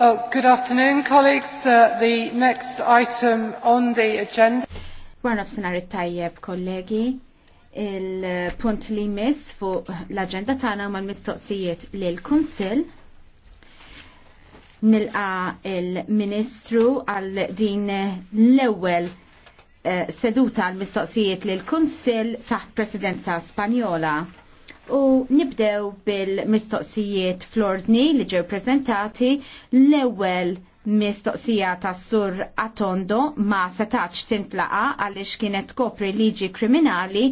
Oh, good afternoon, colleagues. Uh, the next item on the agenda. Warna f'sinar it-tajjeb, kollegi. Il-punt li mis fuq l-agenda tagħna huma l-mistoqsijiet lil kunsill Nilqa il-Ministru għal din l-ewwel eh, seduta għal mistoqsijiet l kunsill taħt Presidenza Spanjola. U nibdew bil-mistoqsijiet flordni li ġew prezentati l-ewwel mistoqsija tas sur Atondo ma setax tintlaqa għaliex kienet kopri liġi kriminali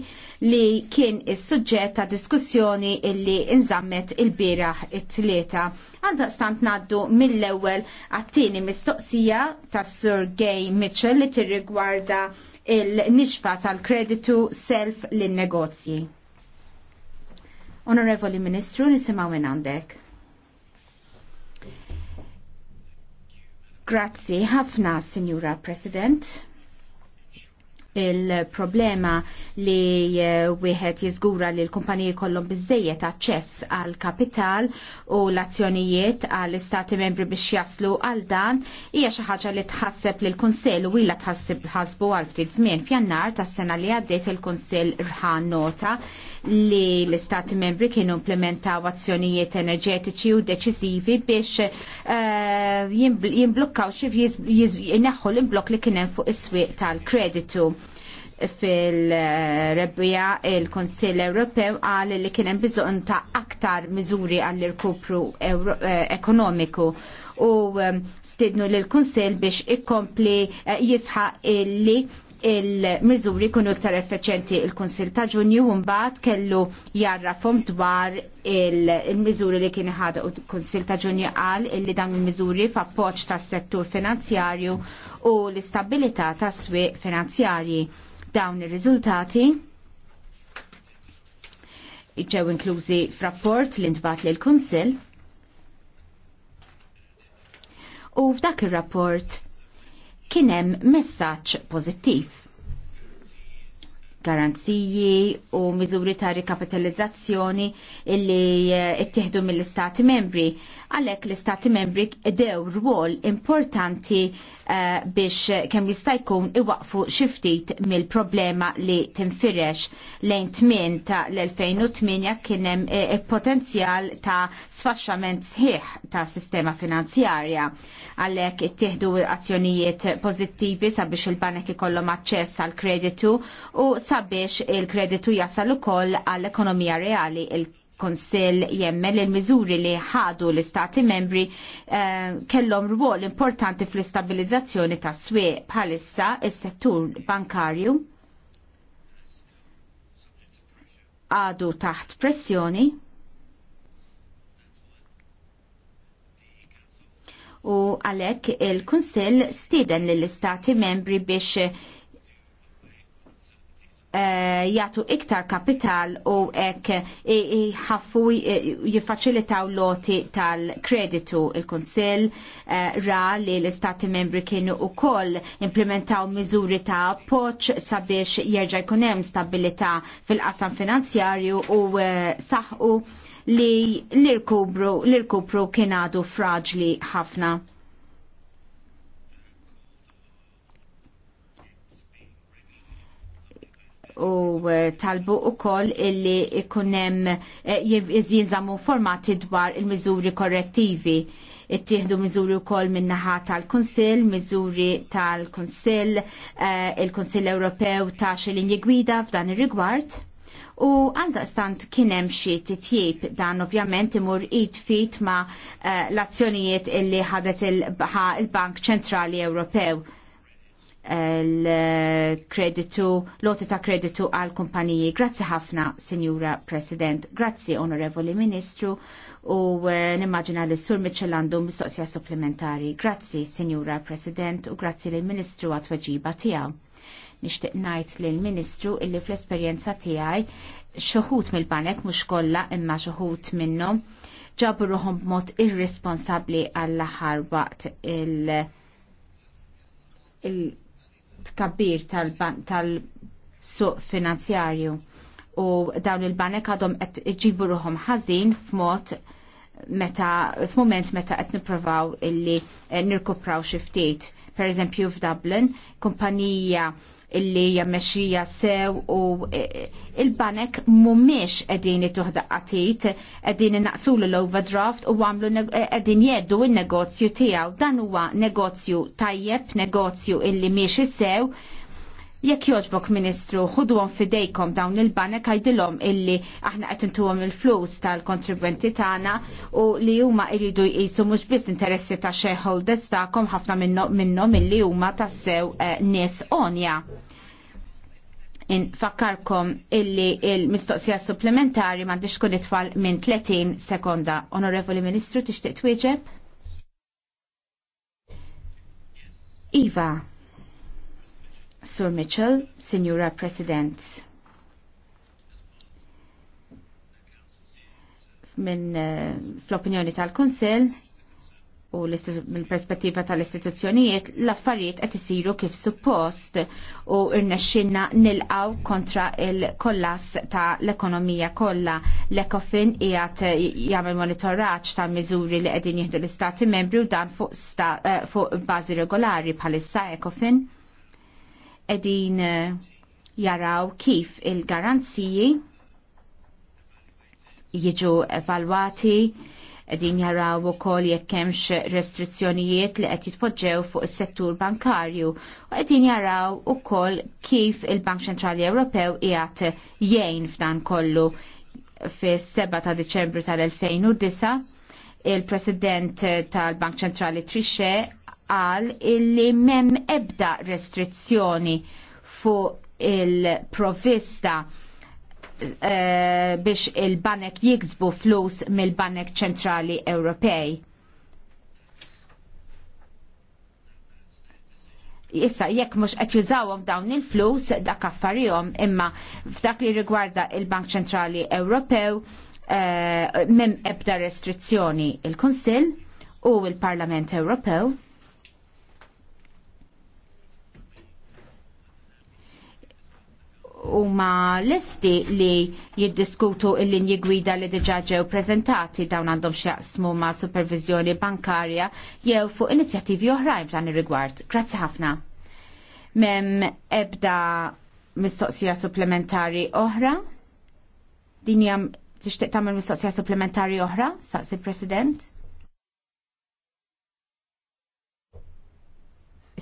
li kien is-suġġett ta' diskussjoni illi inżammet il-biraħ it-tlieta. Għandha stant naddu mill-ewwel għat-tieni mistoqsija tas sur Gay Mitchell li tirrigwarda il-nixfa tal-kreditu self lin negozji Onorevoli Ministru, nisimaw minn għandek. Grazzi ħafna, Signora President. Il-problema li eh, wieħed jiżgura li l-kumpaniji kollhom biżejjed aċċess għal kapital u l-azzjonijiet għal istati membri biex jaslu għal dan hija xi ħaġa li tħasseb l kunsell u ilha tħassib ħasbu għal ftit żmien f'jannar tas-sena li għaddiet il kunsell rħan nota li l-Istati membri kienu implementaw azzjonijiet enerġetiċi u deċiżivi biex uh, eh, jimblukkaw xif jinaħħu l-imblok li kienem fuq is-swieq tal-kreditu fil-rebbija il-Konsil Ewropew għal li kienem bżon ta' aktar miżuri għall-irkupru eh, ekonomiku u eh, stidnu l-Konsil biex ikkompli jisħaq illi il-miżuri kunu ktar effeċenti il konsil ta' Ġunju mbagħad kellu jarrafhom dwar il-miżuri li kien ħada u konsil ta' Ġunju qal illi dawn il-miżuri f'appoġġ tas-settur finanzjarju u l-istabilità tas-swieq finanzjarji. Dawn ir-riżultati ġew inklużi f'rapport li ntbat lil kunsil U f'dak ir-rapport kien hemm messaġġ pożittiv garanziji u miżuri ta' rikapitalizzazzjoni illi eh, ittieħdu mill-Istati membri. Għalhekk l-Istati membri dew rwol importanti eh, biex kemm jista' jkun iwaqfu xi ftit mill-problema li tinfirex lejn tmien ta' l-2008 kien hemm eh, potenzjal ta' sfaxxament sħiħ ta' sistema finanzjarja għalhekk ittieħdu azzjonijiet pożittivi sabiex il-banek ikollhom aċċess għal kreditu u sabiex il-kreditu jasal ukoll għall-ekonomija reali il konsil jemmel il-mizuri li ħadu l-istati membri eh, kellhom rwol importanti fl-istabilizzazzjoni ta' swieq bħalissa is-settur bankarju għadu taħt pressjoni u għalek il-Kunsill stiden lill-istati membri biex eh, jgħatu iktar kapital u ek jħaffu jifacilitaw loti tal-kreditu il-Kunsill eh, ra li l-istati membri kienu u koll implementaw miżuri ta' poċ sabiex jerġa' jkunem stabilita fil-qasam finanzjarju u eh, saħu li l-irkupru kien għadu fraġli ħafna. u eh, talbu u koll illi ikunem eh, jizamu formati dwar il-mizuri korrettivi. Ittieħdu miżuri u koll minnaħa tal-Konsil, miżuri tal-Konsil, eh, il-Konsil Ewropew ta' xilin jigwida f'dan ir-rigward u għaldaqstant kien hemm xi titjib dan ovvjament imur id fit ma eh, l-azzjonijiet illi ħadet il-Bank Ċentrali Ewropew l-kreditu, loti ta' kreditu għal kumpaniji. Grazzi ħafna, Signora President. Grazzi, Onorevoli Ministru, u eh, nimmaġina li s-sur Mitchell mistoqsija supplementari. Grazzi, Signora President, u grazzi l-Ministru għat-weġiba tijaw. Nixtieq ngħid lill ministru illi fl-esperjenza tiegħi xoħut mill-banek mhux kollha imma xoħut minnhom ġabu ruħom b'mod irresponsabbli għall-aħħar waqt il- il-tkabbir tal-suq finanzjarju u dawn il-banek għadhom qed iġibu ruħom ħażin f'mod meta f'mument meta qed nippruvaw illi nirkupraw xi ftit. Per eżempju f'Dublin, kumpanija illi jammexxija sew u e, e, il-banek mumiex edin it-tuħdaqqatit, edin naqsulu l-overdraft u għamlu edin e, jeddu il-negozju tijaw. Dan huwa negozju tajjeb, negozju illi miex sew, Jekk joġbok Ministru, ħudhom fidejkom dawn il-banek għajdilhom illi aħna qed intuhom il-flus tal-kontribwenti tagħna u li huma jridu jqisu mhux biss interessi ta' shareholders tagħkom ħafna minnhom illi huma tassew eh, nies onja. Infakkarkom illi il-mistoqsija supplementari m'għandix tkun itfal minn 30 sekonda. Onorevoli Ministru, tixtieq twieġeb? Iva, Sur Mitchell, Signora President. Minn eh, fl-opinjoni tal-Kunsel u mill-perspettiva tal-istituzzjonijiet, l-affarijiet qed isiru kif suppost u rnexxinna nilqaw kontra il-kollas ta' l-ekonomija kollha. l ekofin qiegħed jagħmel monitoraġġ ta' miżuri li qegħdin jieħdu l-Istati membri u dan fuq, eh, fuq bażi regolari bħalissa Ecofin edin eh, jaraw kif il-garanziji jiġu evalwati edin jaraw u kol jekkemx restrizzjonijiet li qed jitpoġġew fuq is-settur bankarju u qegħdin jaraw u kol kif il-Bank Centrali Ewropew qiegħed jgħin f'dan kollu fis-7 ta' Diċembru tal-2009 il-President tal-Bank Centrali Trixxe qal illi mem ebda restrizzjoni fuq il-provista eh, biex il-banek jiksbu flus mill-banek ċentrali Ewropej. issa jekk mhux qed jużawhom dawn il-flus dak affarijhom imma f'dak li rigwarda il-Bank Ċentrali Ewropew eh, mem ebda restrizzjoni il-Kunsill u il-Parlament Ewropew huma listi li jiddiskutu il-linji gwida li diġa ġew prezentati dawn għandhom xjaqsmu ma' supervizjoni bankarja jew fuq inizjattivi oħrajn f'dan ir-rigward. Grazzi ħafna. Mem ebda mistoqsija supplementari oħra. Din hija tixtieq tagħmel mistoqsija supplementari oħra, Saqsi president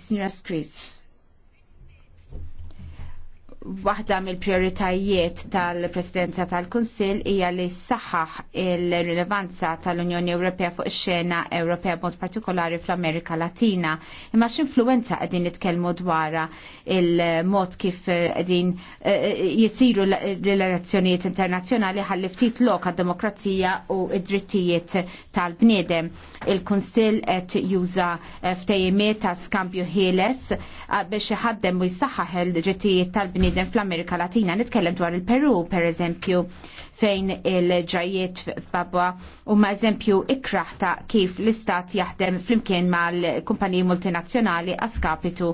Signora Scris waħda mill-prioritajiet tal-Presidenza tal-Kunsill hija li saħħaħ il-rilevanza tal-Unjoni Ewropea fuq ix-xena Ewropea b'mod partikolari fl-Amerika Latina. Imma x'influwenza qegħdin nitkellmu dwarha il-mod kif qegħdin eh, eh, jisiru l-relazzjonijiet internazzjonali ħalli ftit lok għad-demokrazija u id-drittijiet tal-bniedem. Il-Kunsill qed juża eh, ftejimiet ta' skambju ħieles biex ħaddem u jissaxħaħ il-ġittijiet tal-bniedem fl-Amerika Latina. Nitkellem dwar il-Peru, per eżempju, fejn il ġajiet f'Babwa u ma' eżempju ikraħ ta' kif l-istat jaħdem flimkien mal-kumpaniji multinazzjonali għaskapitu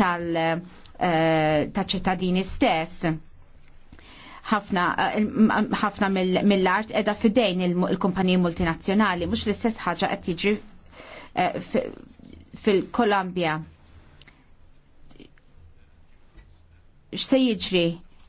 tal-ċittadini eh, stess ħafna eh, mill-art edha fidejn il-kumpaniji multinazzjonali, mux l-istess ħaġa qed jiġri eh, fil-Kolombja. x'se jiġri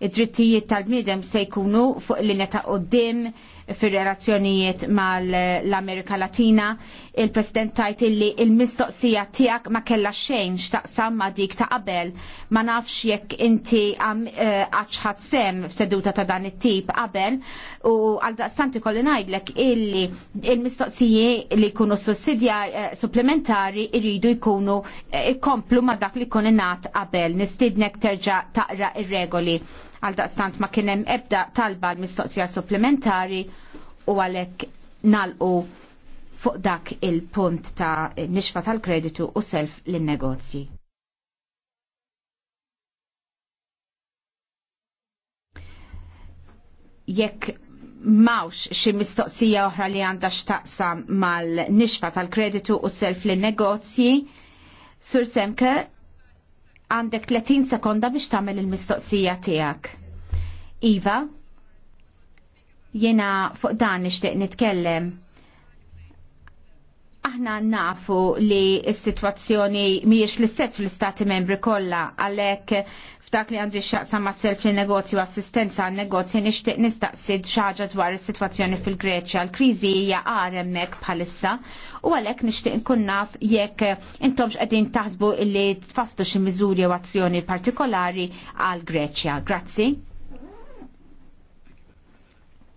id-drittijiet tal-bniedem se jkunu fuq linja ta' qoddim fir-relazzjonijiet mal-Amerika Latina, il-President tajt illi il-mistoqsija tiegħek ma kellha xejn x'taqsam ma dik ta' qabel, ma nafx jekk inti eh, għaċħat sem f'seduta ta' dan it-tip qabel u għal daqstanti kolli ngħidlek illi il-mistoqsiji li jkunu sussidja eh, supplementari jridu jkunu eh, ikomplu ma dak li kun ingħat qabel, nistidnek terġa' taqra ir-regoli. Għal daqstant ma kienem ebda talba l-mistoqsija supplementari u għalek nalqu fuq dak il-punt ta' nixfa tal-kreditu u self l-negozji. Jekk mawx xi mistoqsija oħra li għandha x'taqsam mal-nixfa tal-kreditu u self l-negozji, Sur Semke, għandek 30 sekonda biex tagħmel il-mistoqsija tiegħek. Iva, jena fuq dan nixtieq nitkellem. Aħna nafu li s-sitwazzjoni mhijiex l-istess fl-istati membri kollha għalhekk f'dak li għandi x'aqsam ma' self li negozju assistenza għal negozju nixtieq nistaqsid xi ħaġa dwar is-sitwazzjoni fil-Greċja. L-kriżi hija għar hemmhekk bħalissa u għalhekk nixtieq nkun naf jekk intom x'qegħdin taħsbu illi tfasslu xi miżuri u azzjoni partikolari għal Greċja. Grazzi.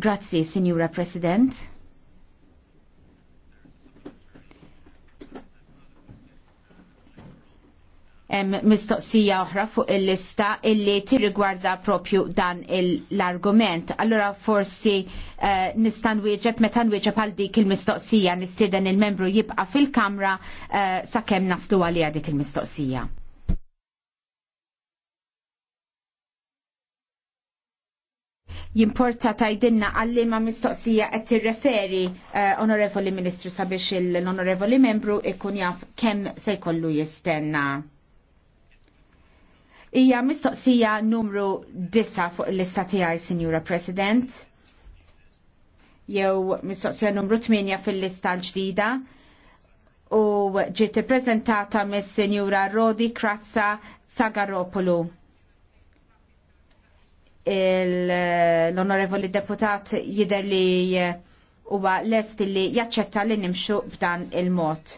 Grazzi, Signora President. mistoqsija oħra fuq il-lista illi tirrigwarda propju dan l-argument. Allora forsi eh, nistan wieġeb meta nwieġeb għal dik il-mistoqsija nissieden il-membru jibqa' fil-kamra eh, sakemm naslu għalija dik il-mistoqsija. Jimporta tajdinna għalli ma mistoqsija qed tirreferi uh, onorevoli Ministru sabiex l-onorevoli membru ikun jaf kemm se jkollu jistenna. Hija mistoqsija numru 9 fuq l-lista tiegħi, Sinjura President. Jew mistoqsija numru 8 fil-lista l-ġdida u ġiet ippreżentata mis-Sinjura Rodi Krazza Zagaropolu. l-onorevoli deputat jider li huwa lest li jaċċetta li nimxu b'dan il-mod.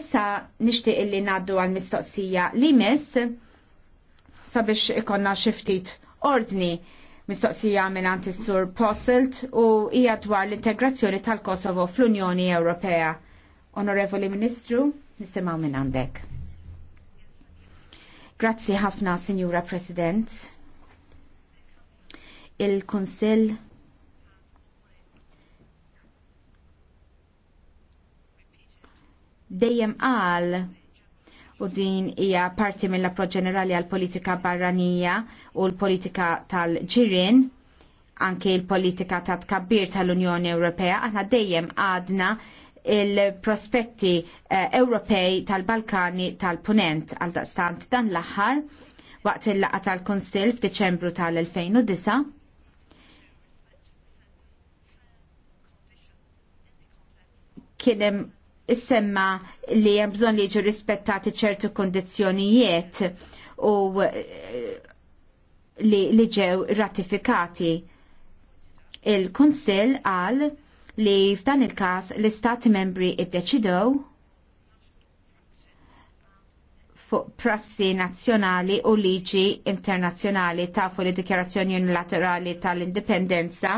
Issa nixtieq li ngħaddu għal mistoqsija li miss sabiex ikonna xiftit ordni mistoqsija minn is-sur Posselt u hija dwar l-integrazzjoni tal-Kosovo fl-Unjoni Ewropea. Onorevoli Ministru, nisimgħu minn għandek. Grazzi ħafna, Sinjura President. Il-Kunsill dejjem qal u din hija parti mill-approċ ġenerali għal politika barranija u l-politika tal-ġirin anke l-politika ta' tkabbir tal-Unjoni Ewropea, aħna dejjem għadna il-prospetti eh, Ewropej tal-Balkani tal-Punent għal daqstant dan l-aħħar waqt il-laqa tal-Konsil f'Diċembru tal-2009. Kienem semma li hemm bżonn li jiġu rispettati ċertu kondizzjonijiet u eh, li, li ġew ratifikati. Il-Kunsill qal li f'dan il-każ l-Istati membri iddeċidew fuq prassi nazzjonali u liġi internazzjonali tafu li dikjarazzjoni unilaterali tal-indipendenza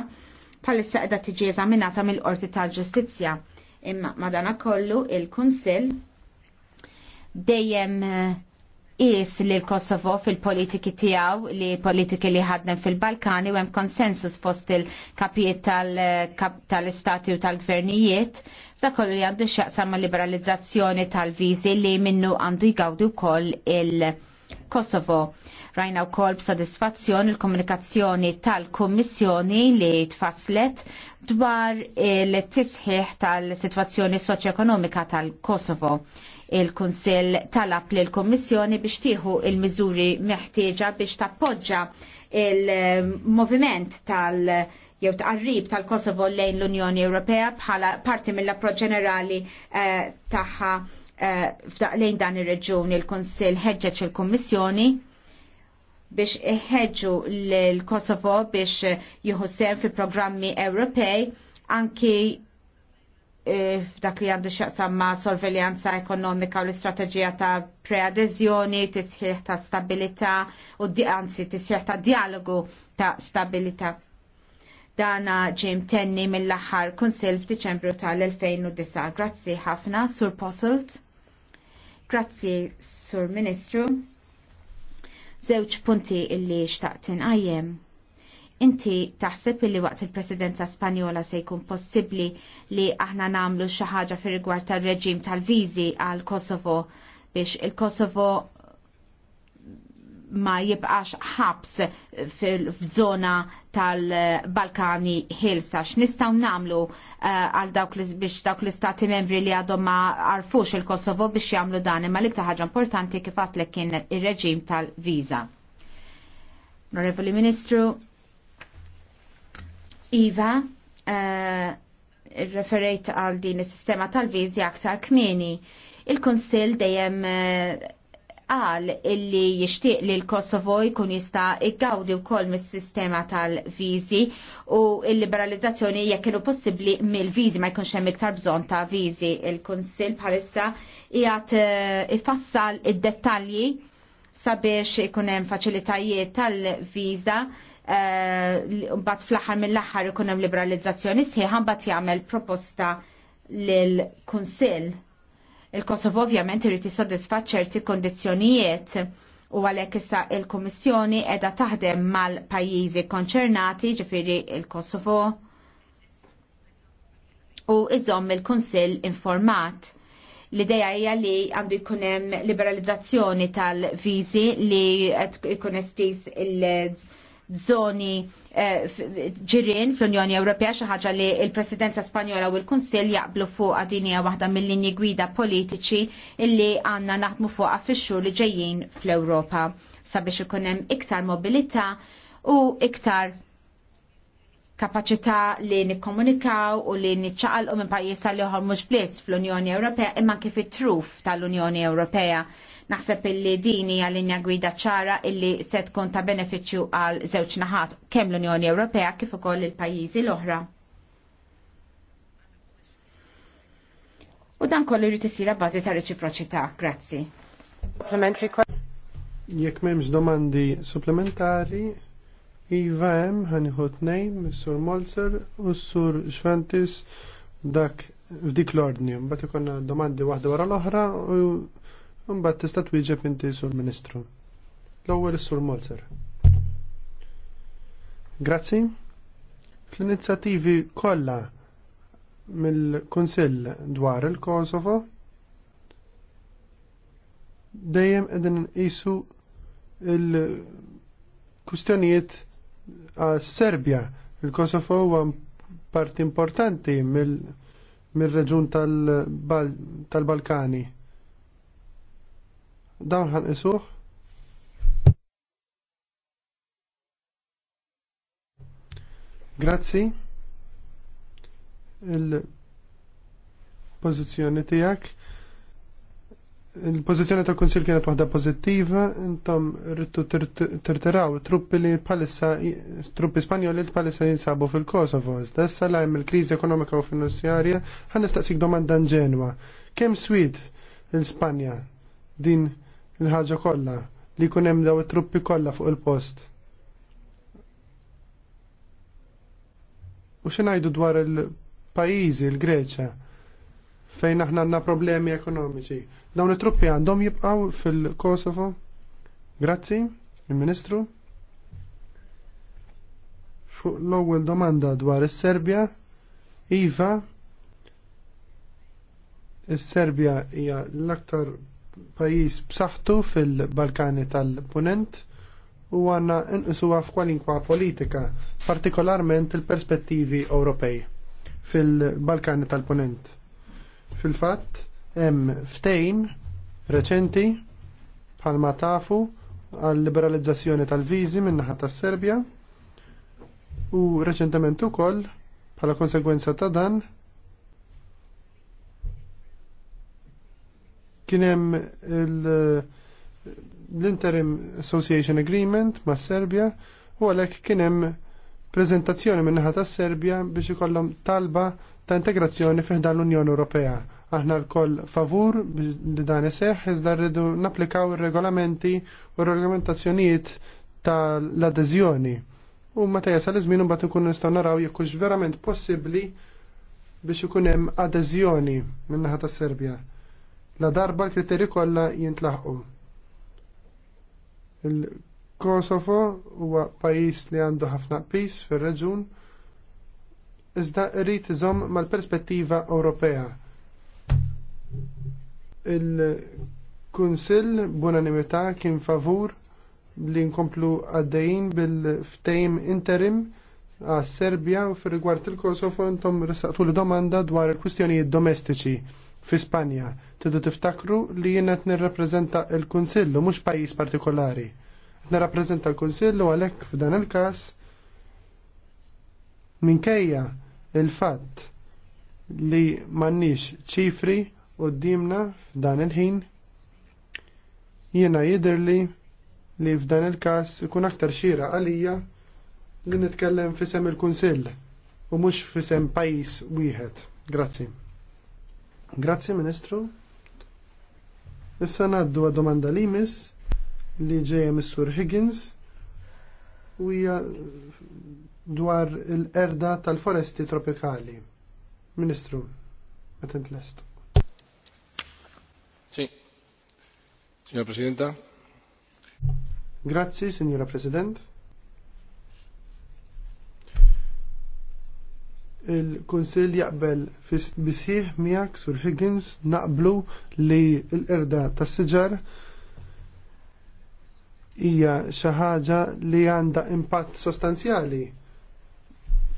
bħalissa qiegħda tiġi eżaminata mill-Qorti tal-Ġustizzja. Imma madana kollu il-Kunsill dejjem eh, is li l-Kosovo fil-politiki tijaw li politiki li ħadnem fil-Balkani u hemm konsensus fost il-kapijiet eh, tal-istati u tal-gvernijiet da kollu li għandu xaqsam liberalizzazzjoni tal-viżi li minnu għandu jgawdu kol il-Kosovo. Rajna u kol b'sadisfazzjoni il-komunikazzjoni tal-Kommissjoni li tfaslet dwar il-tisħiħ tal-situazzjoni ekonomika tal-Kosovo. Il-Kunsill talab l kommissjoni biex tieħu il-miżuri meħtieġa biex tappoġġa il-moviment tal- jew tqarrib tal-Kosovo lejn l-Unjoni Ewropea bħala parti mill-approċ ġenerali eh, tagħha eh, lejn dan ir-reġjun il-Kunsill ħeġġeġ il-Kummissjoni biex iħeġġu l-Kosovo biex jieħu sem fi programmi Ewropej anki eh, f'dak li għandu xaqsam ma' sorveljanza ekonomika u l-istrateġija ta' preadeżjoni, tisħiħ ta' stabilità u anzi tisħiħ ta' dialogu ta' stabilità. Dana ġim tenni mill-aħħar kunsil f'Diċembru tal-2009. Grazzi ħafna, Sur Posselt. Grazzi, Sur Ministru żewġ punti illi xtaqt inqajjem. Inti taħseb illi waqt il-Presidenza Spanjola se jkun possibbli li aħna namlu xi ħaġa fir-rigward tal reġim tal-viżi għal Kosovo biex il-Kosovo ma jibqax ħabs fil-żona tal-Balkani Hilsa. X'nistgħu nagħmlu eh, għal dawk biex dawk l-istati membri li għadhom ma arfux il-Kosovo biex jagħmlu dan imma l-iktar ħaġa importanti kif għatlek kien ir-reġim tal-viża. Onorevoli Ministru, Iva, eh, referejt għal din is-sistema tal-viżi aktar kmieni. Il-Konsil dejjem eh, qal illi jixtieq li l-Kosovo jkun jista' iggawdi wkoll mis-sistema tal-viżi u l-liberalizzazzjoni jekk kienu possibbli mill-viżi ma jkunx hemm iktar bżonn ta' viżi. Il-Kunsill bħalissa qiegħed eh, ifassal id-dettalji sabiex ikun hemm faċilitajiet tal-viża eh, mbagħad fl-aħħar mill-aħħar ikun hemm liberalizzazzjoni sħiħa bat jagħmel proposta lill-Kunsill Il-Kosovo ovvjament irid jissodisfa ċerti kondizzjonijiet u għalhekk issa il-Kummissjoni qiegħda taħdem mal-pajjiżi konċernati, ġifieri il-Kosovo u iżomm il-Kunsill informat. L-ideja hija li għandu jkun hemm liberalizzazzjoni tal-viżi li qed ikun estis il- zoni eh, ġirien fl-Unjoni Ewropea xi ħaġa li l-Presidenza Spanjola u l-Kunsill jaqblu fuq għadinija waħda mill-linji gwida politiċi illi għandna naħdmu fuqha fix-xhur li ġejjin fl-Ewropa sabiex ikun hemm iktar mobilità u iktar kapaċità li nikkomunikaw u li niċċaqalqu minn pajjiż li oħor mhux bliss fl-Unjoni Ewropea imma kif it-truf tal-Unjoni Ewropea Naħseb illi dini għal linja gwida ċara illi se tkun ta' beneficju għal żewġ naħat kemm l-Unjoni Ewropea kif ukoll il-pajjiżi l-oħra. U dan kollu jrid isir bażi ta' reċiproċità. Grazzi. Jekk m'hemmx domandi supplementari, Iva hemm ħaniħu tnejn mis-sur Molzer u s-sur Xfantis dak f'dik l-ordni. Mbagħad ikonna domandi waħda wara l-oħra u Mbagħad tista' twieġeb inti sur Ministru. L-ewwel is-Sur Molzer. Grazzi. Fl-inizjattivi kollha mill-Kunsill dwar il-Kosovo dejjem qegħdin isu il-kustjonijiet għas-Serbja. Il-Kosovo huwa parti importanti mill-reġun Tal dawn ħan isuħ Grazzi il-pozizjoni tijak il-pozizjoni tal-Konsil kienet waħda pozittiva intom rrittu tirtiraw truppi li palissa truppi spanjoli li palissa jinsabu fil-Kosovo stessa lajm il-krizi ekonomika u finanzjarja ħan nistaqsik domanda ġenwa kem swid l-Spanja din il-ħaġa kollha li jkun hemm daw it-truppi kollha fuq il-post. U xinajdu dwar il-pajizi, il-Greċa, fejn aħna għanna problemi ekonomiċi. Dawn it-truppi għandhom jibqaw fil-Kosovo? Grazzi, il-Ministru. Fuq l-ewwel domanda dwar is-Serbja, Iva, is-Serbja hija l-aktar pajis b'saħħtu fil-Balkani tal-Punent u għanna inqisuha f'kwalinkwa politika, partikolarment il-perspettivi Ewropej fil-Balkani tal-Punent. Fil-fatt, hemm ftejn reċenti bħalma tafu għal-liberalizzazzjoni tal-viżi min-naħa tas-Serbja u reċentement ukoll bħala konsegwenza ta' dan Kienem l-Interim Association Agreement ma' Serbia u għalek kienem prezentazzjoni minnaħa ta' Serbia biex ikollhom talba ta' integrazzjoni fiħda l-Unjoni Ewropea. Aħna l-koll favur li dan iseħ, iżda rridu naplikaw ir-regolamenti u regolamentazzjonijiet tal-adeżjoni. U ta' jasal iż-żmien imbagħad ikun nistgħu naraw jekk hux verament possibbli biex ikun hemm adeżjoni min-naħa Serbia. La darba l-kriteri kollha jintlaħqu. Il-Kosovo huwa pajjiż li għandu ħafna pis fir-reġun iżda rrit iżomm mal-perspettiva Ewropea. Il-Kunsill b'unanimità kien favur li nkomplu għaddejn bil-ftejm interim għas Serbja u fir rigward il-Kosovo intom ressaqtu l-domanda dwar il-kwistjonijiet domestiċi fi Spanja. tiddu tiftakru li jien qed nirrappreżenta l-Kunsillu mhux pajjiż partikolari. Qed nirrappreżenta l-Kunsillu għalhekk f'dan il-każ minkejja il-fatt li m'għandniex ċifri qudiemna f'dan il-ħin jiena jidherli li f'dan il-każ ikun aktar xira għalija li nitkellem fisem il-Kunsill u mhux fisem pajjiż wieħed. Grazzi. Grazie, Ministru. Issa naddu domanda li mis li ġeja Missur Higgins u hija dwar l-erda tal-foresti tropikali. Ministru, meta lest. Sì. Signora Presidenta. Grazie, Signora President. il-Kunsill jaqbel bisħiħ miegħek sur Higgins naqblu li l-qerda tas-siġar hija xi ħaġa li għandha impatt sostanzjali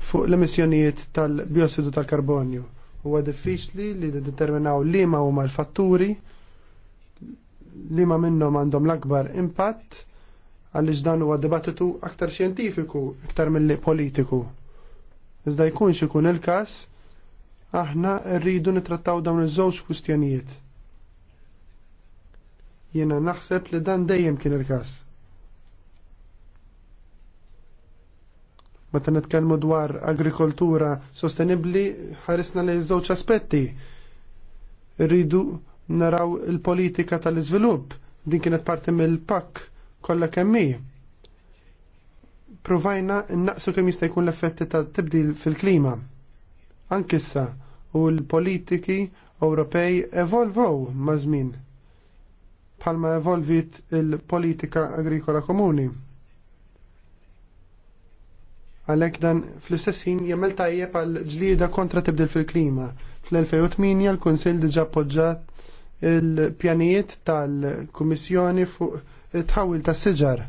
fuq l-emissjonijiet tal-biossidu tal-karbonju. Huwa diffiċli li determinaw liema huma l-fatturi li ma minnhom għandhom l-akbar impatt għaliex dan huwa dibattitu aktar xjentifiku iktar mill politiku Iżda jkunx ikun il-każ, aħna rridu nitrattaw dawn iż-żewġ kwistjonijiet. Jiena naħseb li dan dejjem kien il-każ. Meta nitkellmu dwar agrikoltura sostenibbli ħarisna li żewġ aspetti. Rridu naraw il-politika tal-iżvilupp din kienet parti mill-pakk kollha kemm provajna naqsu kemm jista' jkun l-effetti ta' tibdil fil-klima. Ankissa u l-politiki Ewropej evolvow mażmin bħalma evolvit il-politika agrikola komuni. Għalek dan fl-istess ħin jemmel tajjeb għal ġlieda kontra tibdil fil-klima. Fl-2008 l-Kunsill diġa appoġġat il-pjanijiet tal-Kummissjoni fuq it-tħawil tas siġar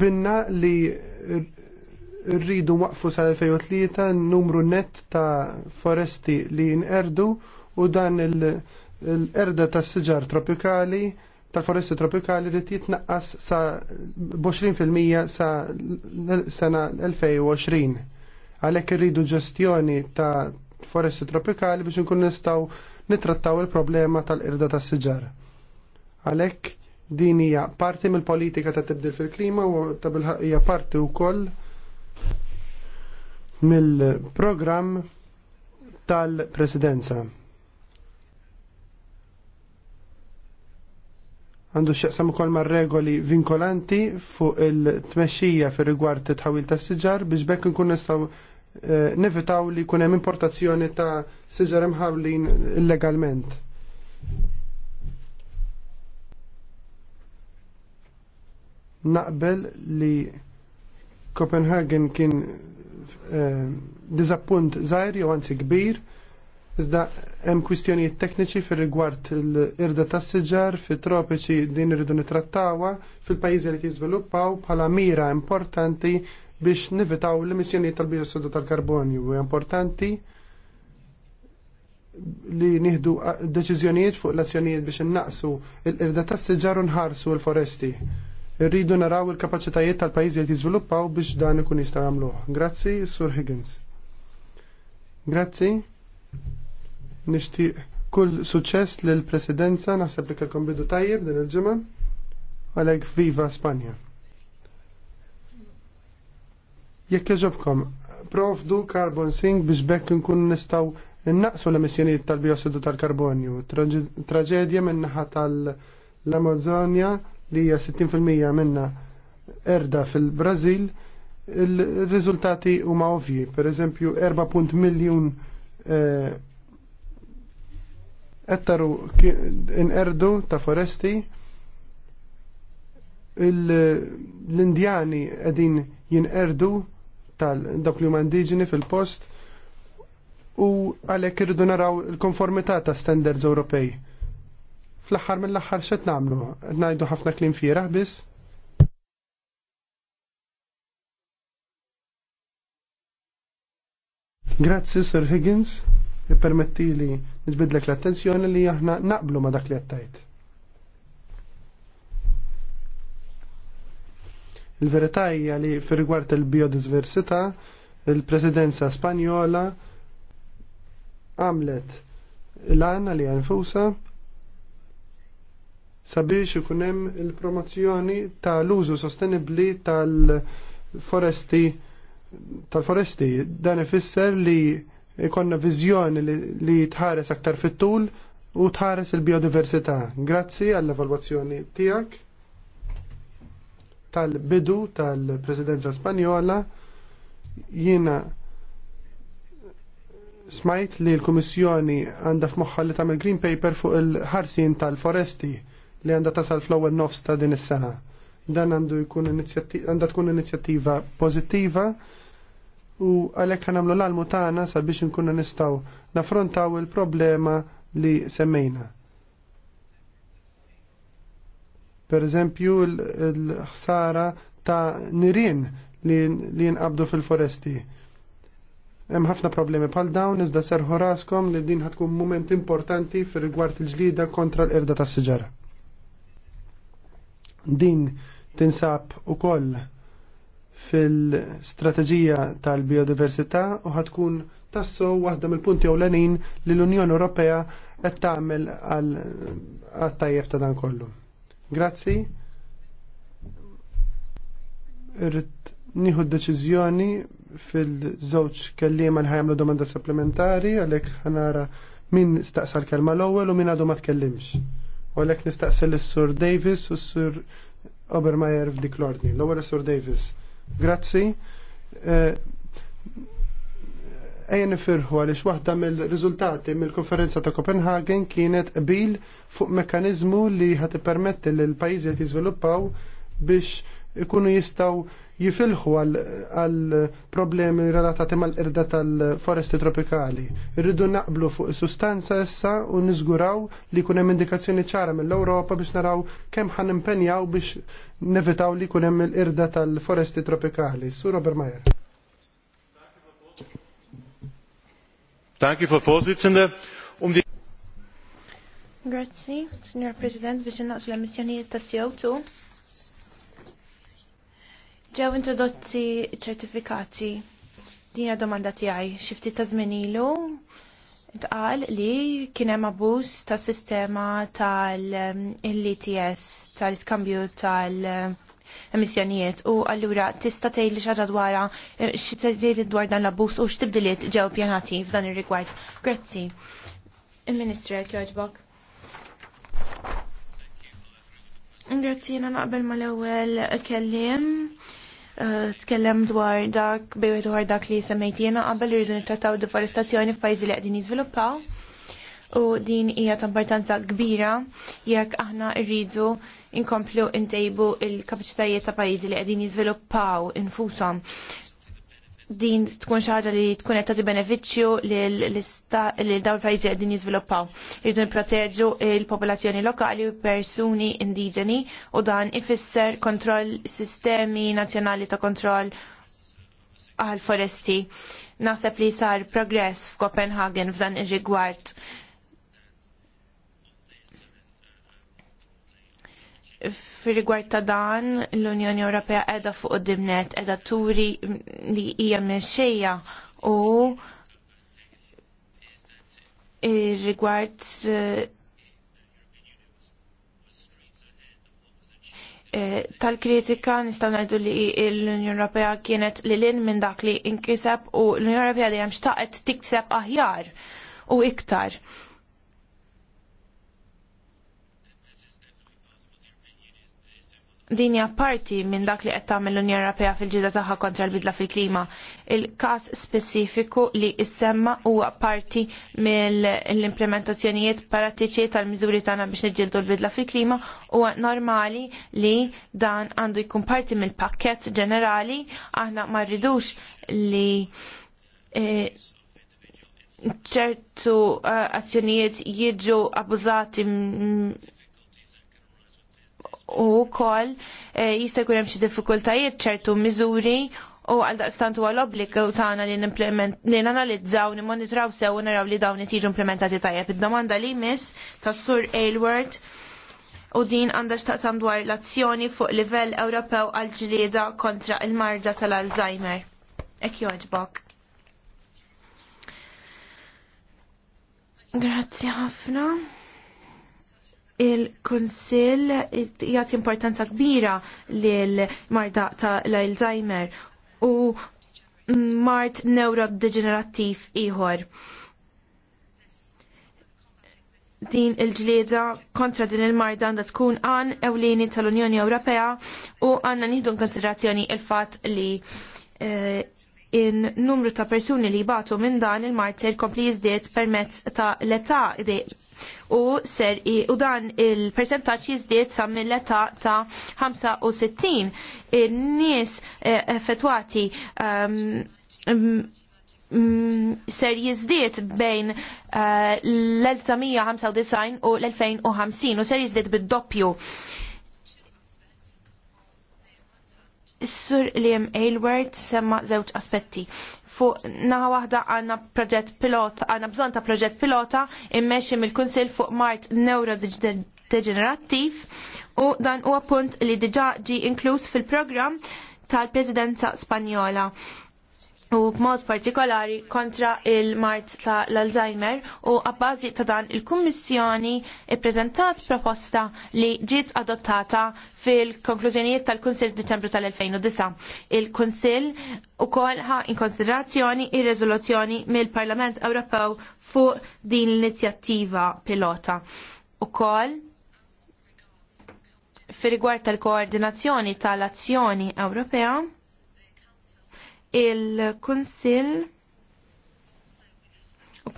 binna li rridu waqfu sal-2003 numru net ta' foresti li nqerdu u dan l-erda ta' siġar tropikali tal-foresti tropikali li jitnaqqas sa' 20% sa' sena 2020. Għalhekk irridu ġestjoni ta' foresti tropikali biex nkun nistaw nitrattaw il-problema tal ta' s siġar. Għalhekk Din hija parti mill-politika ta' tibdil fil-klima u ta' hija parti wkoll mill-programm tal-presidenza. Għandu xieqsam ukoll kolma regoli vinkolanti fuq il-tmexxija fir rigward tħawil ta' siġar biex bekk nkun nistaw eh, nevitaw li kunem importazzjoni ta' siġar mħawlin illegalment. naqbel li Copenhagen kien eh, dizappunt zaħir jew anzi kbir, iżda hemm kwistjonijiet tekniċi fir rigward l-irda tas siġar fit-tropiċi din irridu nitrattawa fil-pajjiżi li jiżviluppaw bħala mira importanti biex nivitaw l-emissjonijiet tal-biossidu tal-karbonju u importanti li nieħdu eh, deċiżjonijiet fuq l-azzjonijiet biex innaqsu l-irda tas siġar u nħarsu l-foresti. Irridu naraw il-kapaċitajiet tal-pajjiżi li jiżviluppaw biex dan ikun jista' jagħmluh. Grazzi, Sur Higgins. Grazzi. Nixtieq kull suċċess lill presidenza naħseb li kellkom bidu tajjeb din il-ġimgħa għalhekk viva Spanja. Jekk jogħġobkom, provdu carbon sink biex bekk nkun nistgħu Innaqsu l-emissjonijiet tal-biossidu tal-karbonju, traġedja minnaħa tal-Amazonja li hija 60% minna erda fil-Brażil, il-riżultati huma ovvji. Per eżempju, 4. miljun eh, ettaru erdu ta' foresti, l-Indjani qegħdin jinqerdu tal-dawk li huma indiġeni fil-post u għalhekk irridu naraw il-konformità ta' standards Ewropej fl-axar mill-axar xet namlu? Najdu ħafna klim firaħ bis? Grazzi, Sir Higgins, permetti li nġbidlek l-attenzjoni li aħna naqblu ma dak li għattajt. Il-verità hija li fir-rigward il-biodiversità, il-Presidenza Spanjola għamlet l-għanna li għanfusa sabiex ikun hemm il-promozzjoni tal-użu sostenibbli tal-foresti tal-foresti dan ifisser li ikonna viżjoni li, li tħares aktar fit-tul u tħares il-biodiversità. Grazzi għall-evalwazzjoni tiegħek tal-bidu tal-Presidenza Spanjola jiena smajt li l-Kummissjoni għandha f'moħħa li tagħmel green paper fuq il-ħarsien tal-foresti li għandha tasal fl-ewwel nofs ta' din is-sena. Dan għandu jkun għanda tkun inizjattiva pożittiva u għalhekk nagħmlu l-almu tagħna sabiex inkunu nistgħu naffrontaw il-problema li semmejna. Per eżempju l-ħsara ta' nirin li jinqabdu fil-foresti. Hemm ħafna problemi bħal dawn iżda serħu raskom li din ħatkun mument importanti fir rigward il-ġlida kontra l erda tas-siġara. Din tinsab ukoll fil-strateġija tal-biodiversità u ħatkun tasso waħda mill-punti ewlenin li l-Unjoni Ewropea qed tagħmel għal tajjeb ta' dan kollu. Grazzi. Irrid nieħu deċiżjoni fil-żewġ kelliema li ħajamlu domanda supplementari għalhekk ħanara min staqsa l-kelma l-ewwel u min għadu ma tkellimx. U l-ek nistaqsel is-Sur Davis u s-Sur Obermeyer f'dik l-ordni. L-ewwel is-Sur Davis. Grazzi. Eh, ejja nifirħu għaliex waħda mill-riżultati mill-konferenza ta' Copenhagen kienet qbil fuq mekkaniżmu li ħati permetti lill pajjiżi li jiżviluppaw biex ikunu jistaw jifilħu għal problemi relatati mal-irda tal-foresti tropikali. Irridu naqblu fuq sustanza issa u niżguraw li kunem indikazzjoni ċara mill-Ewropa biex naraw kemm ħan impenjaw biex nevitaw li kunem il-irda tal-foresti tropikali. Su Robert Mayer. Danke, Frau Vorsitzende. Um die Grazzi, signor President, biex naqs l-emissjonijiet ta' co Ġew introdotti ċertifikati din domanda tiegħi xi ftit ta' żmien ilu tqal li kien hemm abbuż tas sistema tal-ETS tal-iskambju tal-emissjonijiet u allura tista' tgħid li xaġa dwarha xi tgħid dwar dan l-abbuż u x'tibdiliet ġew pjanati f'dan ir-rigward. Grazzi. Il-Ministru jekk jogħġbok. Grazzi, jiena naqbel mal-ewwel kelliem. kellim Eh, tkellem dwar dak bejwet dwar dak li semmejt jiena qabel irridu nittrattaw deforestazzjoni f'pajjiżi li qegħdin jiżviluppaw u din hija ta' importanza kbira jekk aħna rridu inkomplu ntejbu il-kapaċitajiet ta' pajjiżi li qegħdin jiżviluppaw infushom din tkun xi ħaġa li tkun qed tagħti benefiċċju li dawn il-pajjiżi qegħdin jiżviluppaw. Irridu nipproteġu il-popolazzjoni lokali u persuni indiġeni u dan ifisser kontroll sistemi nazzjonali ta' kontroll għal foresti. Naħseb li sar progress f'Copenhagen f'dan ir-rigward fir rigward ta' dan, l-Unjoni Ewropea edha fuq dimnet, edha turi li hija mexxejja u rigward eh, tal-kritika nistaw ngħidu li l-Unjoni Ewropea kienet li lin minn dak li inkiseb u l-Unjoni Ewropea dejjem xtaqet tikseb aħjar u iktar. din hija parti minn dak li qed tagħmel l-Unjoni Ewropea fil ġidda tagħha kontra l-bidla fil-klima. Il-każ speċifiku li issemma huwa parti mill-implementazzjonijiet pratiċi tal-miżuri tagħna biex niġġieldu l-bidla fil-klima huwa normali li dan għandu jkun parti mill-pakkett ġenerali aħna ma rridux li e, ċertu e, azzjonijiet jiġu abbużati u kol eh, jista' jkun hemm xi diffikultajiet ċertu miżuri u għaldaqstant huwa l u tagħna li li nanalizzaw nimonitraw sew u naraw li dawn tiġu implementati tajjeb. Id-domanda li mis tas-Sur Aylward u din għandha x'taqsam dwar l-azzjoni fuq livell Ewropew għal ġlieda kontra il marġa tal-Alzheimer. Ek joġbok. Grazzi ħafna il-Kunsill jagħti importanza kbira l marda ta' l-Alzheimer u mart neurodegenerattiv ieħor. Din il-ġlieda kontra din il-marda għandha tkun għan ewlieni tal-Unjoni Ewropea u għandna nieħdu konsiderazzjoni il-fatt li eh, in numru ta' persuni li batu minn dan il marter jkompli kompli jizdiet permezz ta' l-età u ser u dan il-percentaċ jizdiet sa' mill-età ta' 65 in-nies eh, effettwati ehm, ser jizdiet bejn eh, l-1995 u l-2050 u ser jizdiet bid-doppju. Is-sur Liam Aylward semma żewġ aspetti. Fuq naħa waħda għanna proġett pilota, għanna bżon ta' proġett pilota immexxi mill-Kunsill fuq Mart Neurodegenerattiv u dan huwa punt li diġa ġi inkluż fil-programm tal-Presidenza Spanjola u b'mod partikolari kontra il-mart ta' l-Alzheimer u għabbażi ta' dan il-Kummissjoni ippreżentat proposta li ġiet adottata fil-konklużjonijiet tal-Kunsil Deċembru tal-2009. Il-Kunsil u kolħa in konsiderazzjoni ir-rezoluzzjoni mill-Parlament Ewropew fuq din l-inizjattiva pilota. U kol fir-rigward tal-koordinazzjoni tal-azzjoni Ewropea il-Kunsill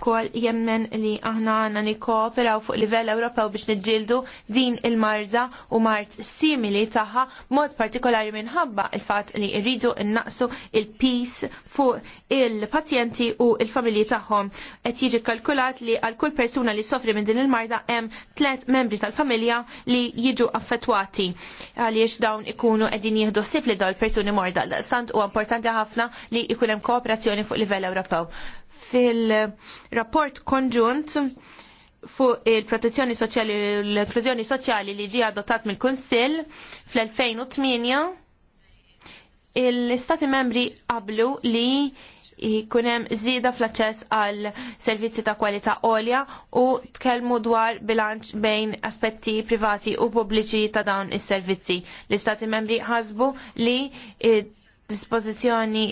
kol jemmen li aħna għandna nikkooperaw fuq livell Ewropew biex niġġieldu din il-marda u mart simili tagħha mod partikolari minħabba il-fatt li rridu innaqsu il-pis fuq il-pazjenti u il-familji tagħhom. Qed jiġi kalkulat li għal kull persuna li sofri minn din il-marda hemm tliet membri tal-familja li jiġu affettwati għaliex dawn ikunu edin jieħdu sib li dawn il-persuni morda. Sant u importanti ħafna li ikunem hemm kooperazzjoni fuq livell Ewropew fil-rapport konġunt fuq il-protezzjoni soċjali u l-inklużjoni soċjali li ġie adottat mill-Kunsill fl-2008 il-Stati membri qablu li jkun hemm żieda fl-aċċess għal servizzi ta' kwalità għolja u tkellmu dwar bilanċ bejn aspetti privati u pubbliċi ta' dawn is-servizzi. L-Istati membri ħasbu li dispożizzjoni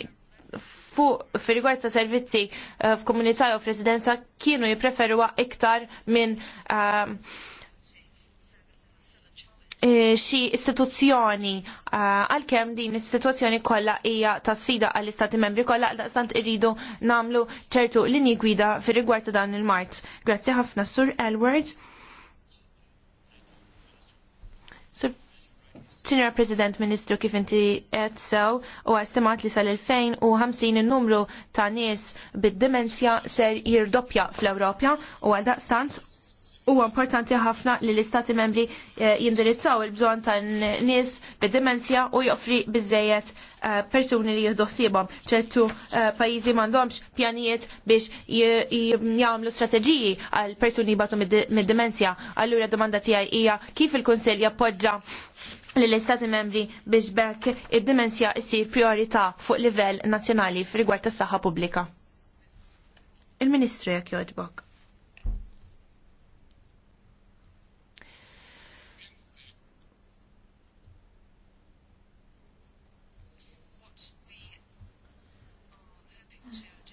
fuq fil-rigward ta' servizzi uh, f'komunità u f'residenza kienu jipreferu iktar minn eh, eh, xi istituzzjoni għalkemm din is kolla kollha hija ta' sfida għall istati membri kollha daqstant irridu nagħmlu ċertu linji gwida fil rigward ta' dan il-Mart. Grazzi ħafna Sur Elward. Senior President Ministru kif inti qed sew u estimat li sal-2050 in-numru ta' nies bid-dimensja ser jirdoppja fl-Ewropja u għal daqstant huwa importanti ħafna li l-istati membri eh, jindirizzaw il-bżonn ta' nies bid-dimensja u joffri biżejjed eh, persuni li jihdossibom. ċertu eh, pajjiżi m'għandhomx pjanijiet biex jagħmlu strateġiji għal persuni batu mid-dimensja. Allura domanda tiegħi hija kif il-Kunsell jappoġġa li l-Istati membri biex bekk id-dimensja issir priorità fuq livell nazzjonali f'rigward tas-saħħa pubblika. Il-Ministru jekk jogħġbok.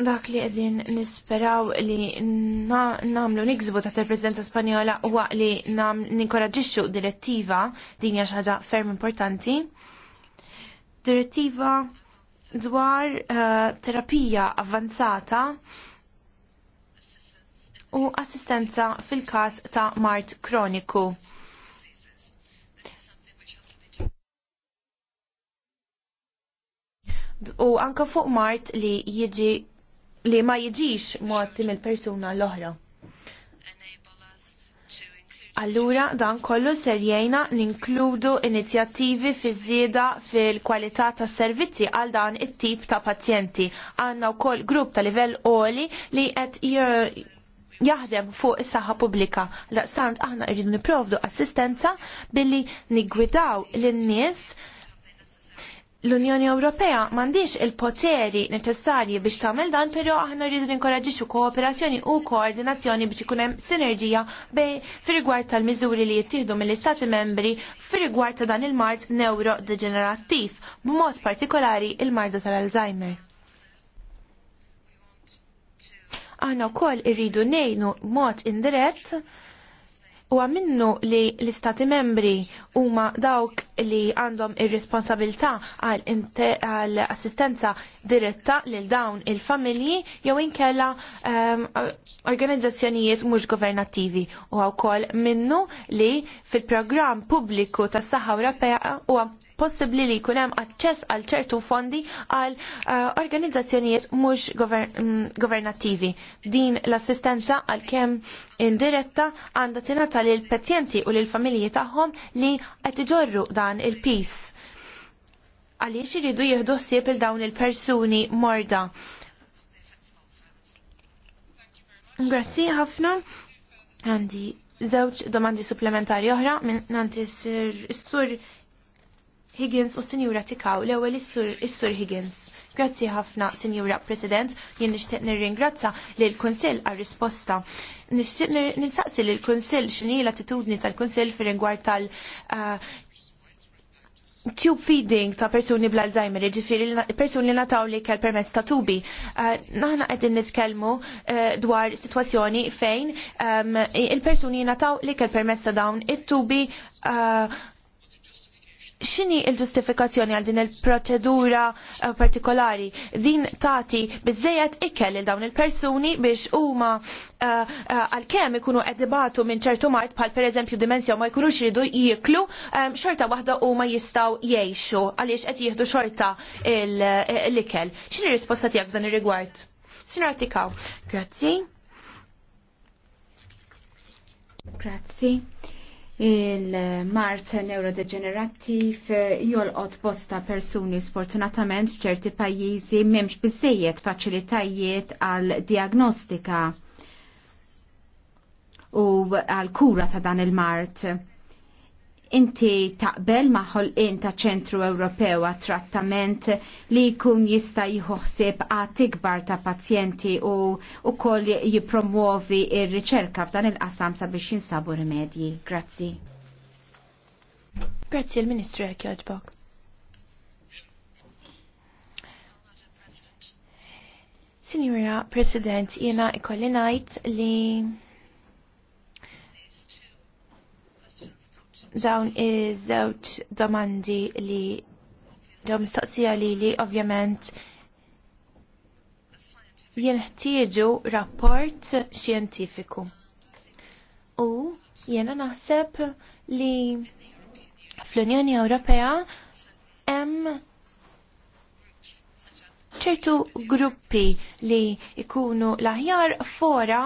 dak li għedin nisperaw li namlu nikzbu taħt il-Presidenza Spanjola huwa li ninkoraġġixxu direttiva din hija xaġa ferm importanti. Direttiva dwar uh, terapija avvanzata u assistenza fil-każ ta' mart kroniku. U anka fuq mart li jiġi li ma jiġix mod mill-persuna l-oħra. Allura dan kollu serjena ninkludu inizjattivi fi żieda fil-kwalità tas servizzi għal dan it-tip ta' pazjenti. u wkoll grupp ta' livell oli li qed jaħdem fuq is-saħħa pubblika. Daqstant aħna rridu nipprovdu assistenza billi niggwidaw lin-nies l-Unjoni Ewropea m'għandix il-poteri neċessarji biex tagħmel dan, però aħna rridu ninkoraġġixxu kooperazzjoni u koordinazzjoni biex ikun hemm sinerġija bej firigward tal-miżuri li jittihdu mill-Istati membri firigward ta' dan il-mart neurodegenerattiv, b'mod partikolari il-marda tal-Alzheimer. Aħna wkoll irridu ngħinu mod indirett U minnu li l-istati membri huma dawk li għandhom ir responsabilta għal assistenza diretta lil dawn il-familji jew inkella um, organizzazzjonijiet mhux governattivi u wkoll minnu li fil-programm pubbliku tas-saħħa Ewropea huwa possibbli li jkun hemm aċċess għal ċertu fondi għal eh, organizzazzjonijiet mhux mm, governattivi. Din l-assistenza għalkemm indiretta għandha tingħata lil pazjenti u lil familji tagħhom li qed iġorru dan il-pis. Għaliex iridu jieħdu ħsieb il dawn il-persuni morda. Grazzi ħafna. Għandi żewġ domandi supplementari oħra minn nanti s-sur Higgins u Sinjura Tikaw, l-ewwel is-Sur Higgins. Grazzi ħafna, Sinjura President, jien nixtieq nirringrazza lil kunsill għal risposta. Nixtieq ninsaqsi lil kunsill x'inhi l-attitudni tal-Kunsill fir-rigward tal- uh, tube feeding ta' persuni bl-Alzheimer, ġifiri persuni nataw li kell permezz ta' tubi. Uh, naħna għedin nitkellmu uh, dwar situazzjoni fejn um, il-persuni nataw li kell permezz ta' dawn it-tubi xini il-ġustifikazzjoni għal din il-proċedura eh, partikolari? Din tati bizzejet ikkel il dawn il-persuni biex huma eh, eh, għal-kem ikunu edibatu minn ċertu mart pal per eżempju dimensja ma jkunux ridu jiklu xorta wahda u ma jistaw jiexu għaliex qed jieħdu xorta l-ikel. Xini risposta tiegħek dan ir-rigward? Sinra Tikaw, grazzi. Grazzi il-mart neurodegenerattiv jolqot bosta persuni sfortunatament f'ċerti pajjiżi m'hemmx biżejjed faċilitajiet għal diagnostika u għal kura ta' dan il-mart Inti taqbel maħol in ta' ċentru Ewropew għat trattament li jkun jista jħuħsib għat ikbar ta' pazjenti u, u koll jipromuovi riċerka f'dan il-qasam sabiex jinsabu rimedji. Grazzi. Grazzi il-Ministru jek jogħġbok. Signora President, jena ikolli ngħid li dawn iż-żewġ domandi li dawn mistoqsija li li ovvjament jenħtieġu rapport xjentifiku. U jena naħseb li fl-Unjoni Ewropea hemm ċertu gruppi li ikunu l-aħjar fora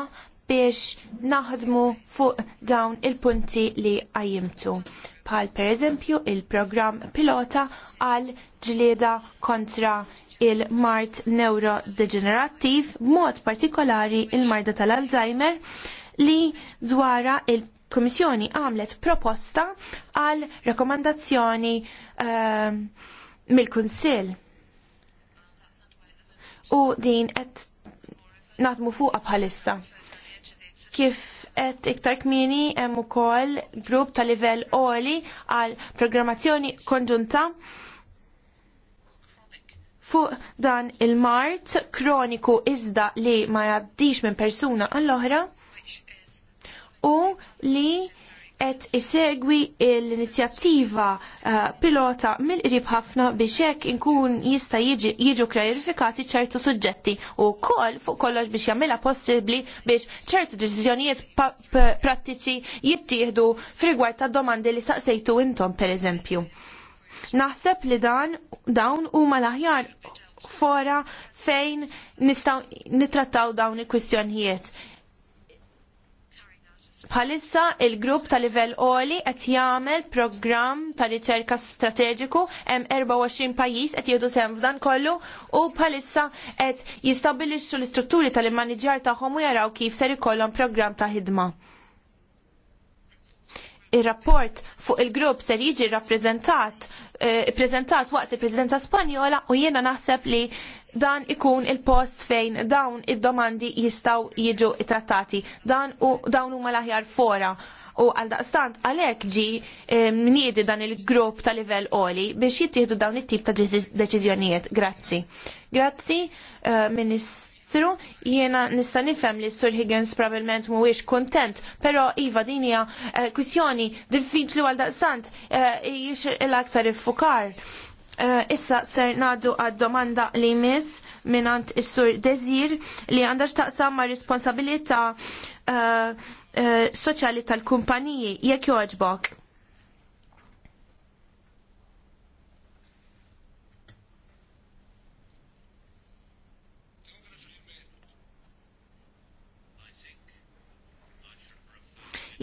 biex naħdmu fuq dawn il-punti li għajimtu. Pal per eżempju il-programm pilota għal ġlieda kontra il-mart neurodegenerativ, mod partikolari il-marda tal-Alzheimer, li dwara il-Komissjoni għamlet proposta għal rekomandazzjoni uh, ehm, mill-Kunsill. U din qed naħdmu fuqha bħalissa. Kif qed iktar kmini hemm ukoll grupp ta' livell oli għal programmazzjoni konġunta fuq dan il-mart kroniku iżda li ma jgħaddix minn persuna għall-oħra u li qed isegwi l-inizjattiva eh, pilota mill-qrib ħafna biex hekk inkun jista' jiġu klarifikati ċertu suġġetti u wkoll fuq kollox biex jagħmilha possibbli biex ċertu deċiżjonijiet prattiċi jittieħdu f'rigward ta' domandi li saqsejtu intom pereżempju. Naħseb li dan dawn huma l-aħjar fora fejn nistgħu nittrattaw dawn il-kwistjonijiet. Bħalissa il-grupp ta' livell oli qed jagħmel programm ta' riċerka strateġiku hemm 24 pajjiż qed jieħdu sehem f'dan kollu u bħalissa qed jistabbilixxu l-istrutturi tal-immaniġjar tagħhom u jaraw kif ser ikollhom programm ta' ħidma. Ir-rapport fuq il-grupp ser jiġi rappreżentat Eh, prezentat waqt il-Presidenza Spanjola u jiena naħseb li dan ikun il-post fejn dawn id-domandi jistaw jiġu trattati. Dan u dawn huma l-aħjar fora u għaldaqstant għalek ġi eh, mniedi dan il-grupp ta' livell oli biex jittieħdu dawn it-tip ta' deċiżjonijiet. Grazzi. Grazzi, eh, Ministru. Ministru, jiena nista' nifhem li Sur Higgins probabbilment mhuwiex kuntent, però iva din hija eh, kwistjoni li għal daqsant eh, jiex l-aktar iffukar. Uh, eh, issa ser nadu għad domanda li mis minant is-sur Dezir li għandha x'taqsam ma' responsabilità uh, uh, soċjali tal-kumpaniji jekk joħġbok.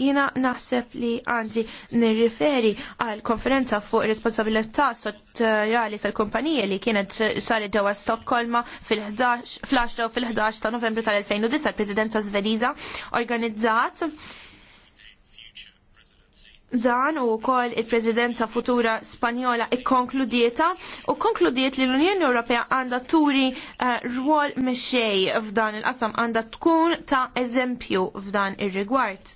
Jina naħseb li għandi nirriferi għal konferenza fuq responsabilità soċjali tal-kumpanija li kienet saret ġewwa Stokkolma fil-11 fl-10 u fil-11 ta' Novembru tal-2009 il-Presidenza Svediża organizzat dan u kol il-prezidenza futura spanjola ikkonkludieta u konkludiet li l-Unjoni Ewropea għanda turi uh, rwol mexej f'dan il-qasam għanda tkun ta' eżempju f'dan ir-rigward.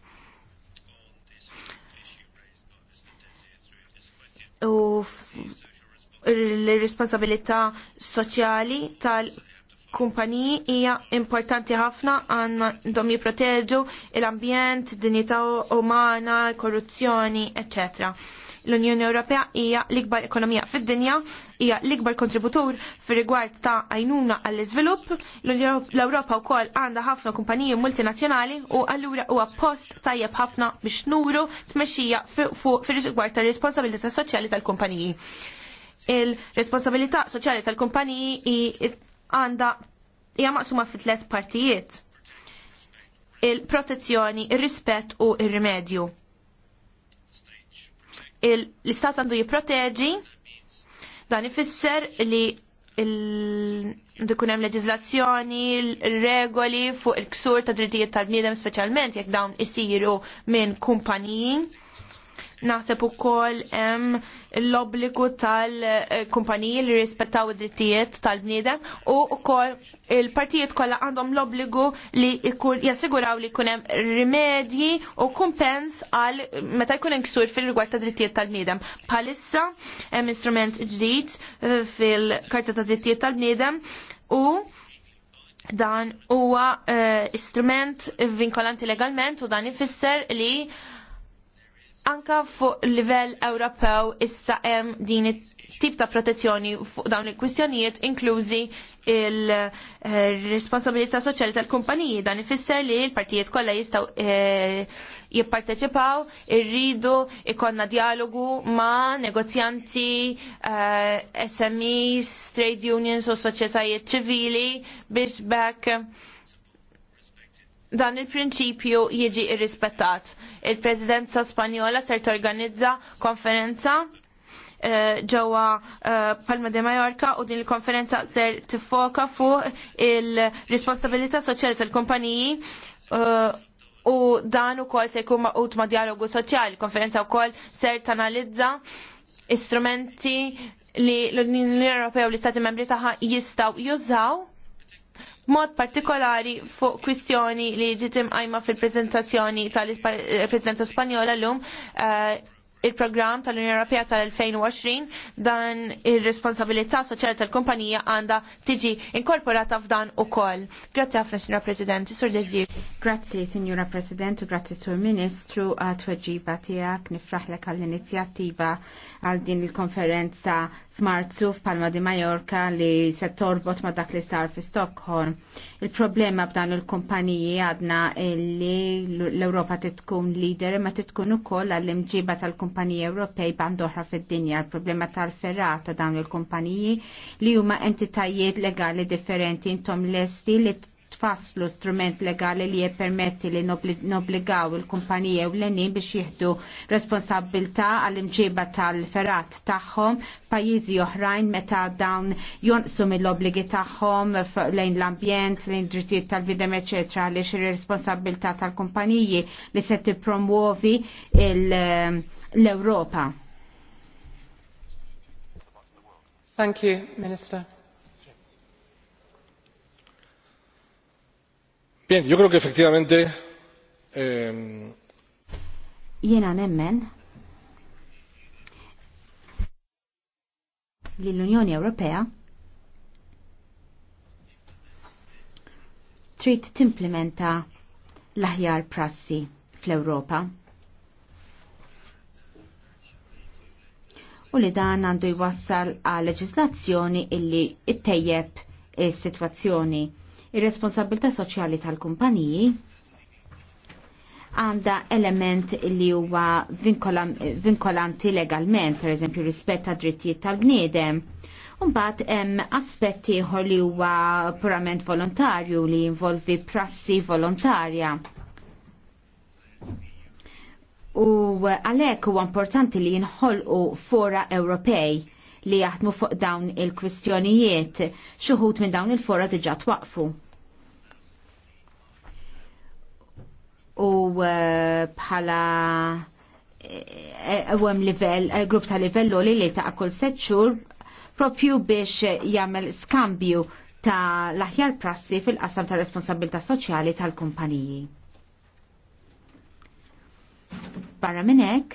u l-responsabilità soċjali tal- kumpaniji hija importanti ħafna għandhom jipproteġu l-ambjent, dinjità umana, korruzzjoni, etc. L-Unjoni Ewropea hija l-ikbar ekonomija fid-dinja, hija l-ikbar kontributur fir rigward ta' għajnuna għall iżvilupp L-Ewropa wkoll għandha ħafna kumpaniji multinazzjonali u allura huwa post tajjeb ħafna biex nuru tmexxija fir rigward tar-responsabilità soċjali tal-kumpaniji il responsabilità soċjali tal-kumpaniji għandha hija maqsuma fi tliet partijiet. Il-protezzjoni, ir-rispett u ir-rimedju. L-istat għandu jipproteġi dan ifisser li dikunem hemm leġiżlazzjoni, regoli fuq il-ksur ta' drittijiet tal-bniedem speċjalment jekk dawn isiru minn kumpaniji naħseb ukoll hemm l-obbligu tal-kumpaniji li rispettaw id-drittijiet tal-bniedem u kol il-partijiet kollha għandhom l-obbligu li jassiguraw li jkun hemm rimedji u kumpens għal meta jkun hemm ksur fil-rigward ta' drittijiet tal-bniedem. Palissa hemm instrument ġdid eh, fil-Karta ta' Drittijiet tal-Bniedem u dan huwa uh, eh, istrument vinkolanti legalment u dan ifisser li anka fuq livell Ewropew issa hemm din tip ta' protezzjoni fuq dawn il-kwistjonijiet inklużi il-responsabilità soċjali tal-kumpaniji. Dan ifisser li l-partijiet kollha jistgħu eh, jipparteċipaw, irridu ikonna dialogu ma' negozjanti, eh, SMEs, trade unions u soċjetajiet ċivili biex bekk dan il-prinċipju jiġi irrispettat. Il-Presidenza Spanjola ser torganizza konferenza eh, ġewwa eh, Palma de Mallorca u din il-konferenza ser tifoka fuq il-responsabilità soċjali tal-kumpaniji eh, u dan ukoll se jkun maqut ma' dialogu soċjali. Konferenza wkoll ser tanalizza istrumenti li l-Unjoni Ewropea u l-Istati Membri tagħha jistgħu jużaw mod partikolari fuq kwistjoni li ġiet imqajma fil-prezentazzjoni tal-Presidenza Spanjola llum uh, il-programm tal-Unjoni Ewropea tal-2020 dan ir-responsabilità soċjali tal-kumpanija għandha tiġi inkorporata f'dan ukoll. Grazzi ħafna, Signora President, Sur Dezir. Grazzi, Signora President, u grazzi Sur Ministru għat tweġiba tiegħek nifraħlek għall-inizjattiva għal din il-konferenza f'Marzu f'Palma di Mallorca li se torbot ma dak li sar fi Stockholm. Il-problema b'dan il-kumpaniji għadna li l-Ewropa titkun leader ma titkun ukoll għall-imġiba tal kumpanija kumpaniji Ewropej bandoħra fid-dinja. l problema tal-ferrata dawn il-kumpaniji li huma entitajiet legali differenti intom lesti li tfasslu strument legali li jippermetti li nobligaw il kumpanije u l-enin biex jihdu responsabilta għall-imġiba tal-ferat tagħhom f'pajjiżi oħrajn meta dawn jonqsu mill-obligi tagħhom lejn l-ambjent, lejn drittijiet tal-bidem, eċetera, li xi responsabilità tal-kumpaniji li se tippromuovi eh, l-Ewropa. Thank you, Minister. Bien, yo creo que efectivamente. Eh... nemmen li l-Unjoni Ewropea trid timplementa l-aħjar prassi fl-Ewropa. U li dan għandu jwassal għal leġislazzjoni illi ittejjeb is-sitwazzjoni. Il Ir-responsabilità soċjali tal-kumpaniji għanda element li huwa vinkolanti legalment, per eżempju rispetta drittijiet tal-bniedem. Umbat hemm aspetti ieħor li huwa purament volontarju li jinvolvi prassi volontarja. U għalhekk huwa importanti li jinħolqu fora Ewropej li jaħdmu fuq dawn il-kwistjonijiet xuħut minn dawn il-fora diġà twaqfu. u eh, bħala għem eh, level, eh, grupp ta' level li li ta' kull setxur propju biex jagħmel skambju ta' l-aħjar prassi fil-qasam ta' responsabilità soċjali tal-kumpaniji. Barra minnek,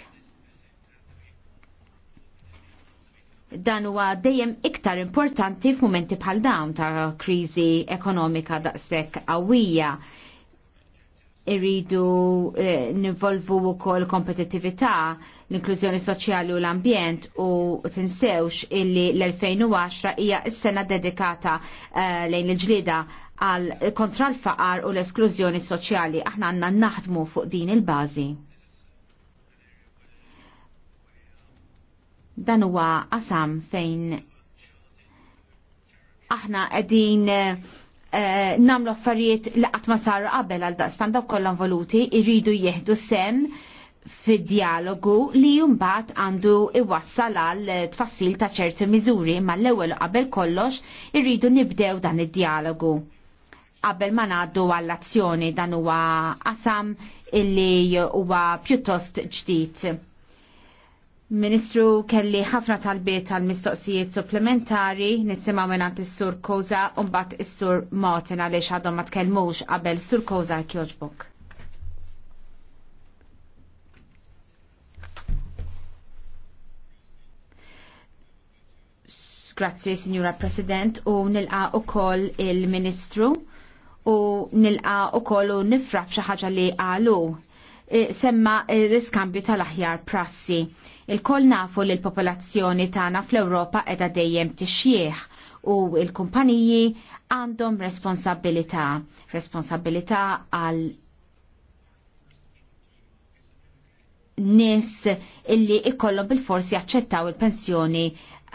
dan huwa dejjem iktar importanti f'mumenti bħal dawn ta' kriżi ekonomika daqshekk qawwija irridu eh, nivolvu wkoll il-kompetitività, l-inklużjoni soċjali u l-ambjent u tinsewx illi l-2010 hija s-sena dedikata eh, lejn il-ġlida għal kontra l-faqar u l-esklużjoni soċjali. Aħna għandna naħdmu fuq din il-bażi. Dan huwa qasam fejn aħna qegħdin eh, Eh, namlu affarijiet li qatt ma saru qabel għal daqstan daw kollan voluti jridu jieħdu sem fid-dialogu li jumbat għandu iwassal għal tfassil ta' ċerti miżuri ma l-ewwel qabel kollox irridu nibdew dan id-dialogu. Qabel ma ngħaddu għall-azzjoni dan huwa qasam illi huwa pjuttost ġdid Ministru kelli ħafna talbiet tal-mistoqsijiet supplementari nisimgħu mingħand s sur Koza u mbagħad is-sur Martin għaliex għadhom ma tkellmux qabel sur Koza jogħġbok. Grazzi, Signora President, u nilqa ukoll il-Ministru u nilqa ukoll u nifrab xaħġa ħaġa li għalu. Eh, semma eh, l-iskambju tal-aħjar prassi. Il-koll nafu li l-popolazzjoni tagħna fl-Ewropa qiegħda dejjem tixjieħ u l-kumpaniji għandhom responsabilità. Responsabilità għal nis illi ikollhom bil-forsi jaċċettaw il-pensjoni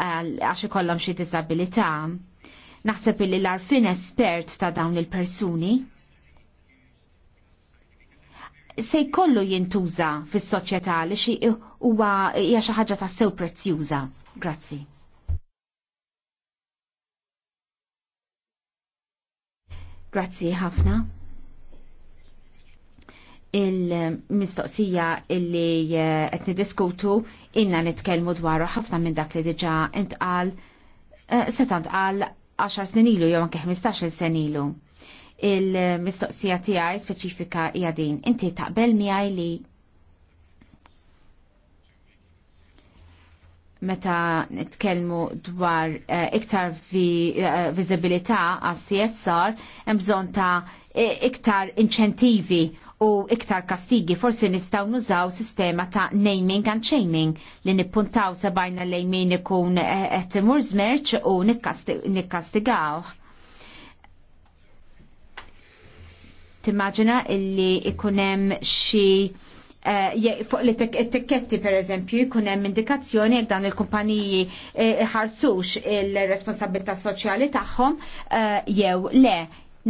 għax ikollhom xi diżabilità. Naħseb illi l-arfin espert ta' dawn il-persuni se jkollu jintuża fis-soċjetà li xi huwa hija xi ħaġa tas-sew prezzjuża. Grazzi. Grazzi ħafna. Il-mistoqsija illi eh, qed niddiskutu inna nitkellmu dwaru ħafna minn dak li diġà intqal eh, se tantqal 10 snin ilu jew anke 15-il sen ilu il-mistoqsija tiegħi speċifika hija din. Inti taqbel miegħi li meta nitkellmu dwar uh, iktar vi, uh, viżibilità għas CSR hemm bżonn ta' iktar inċentivi u iktar kastigi forsi nistgħu nużaw sistema ta' naming and shaming li nippuntaw sabajna lejmin min ikun eh, qed imur u nikkastigawh timmaġina illi ikunem xi eh, fuq li t-tikketti per eżempju ikunem indikazzjoni jek dan il-kumpaniji eh, ħarsux il-responsabilità soċjali tagħhom eh, jew le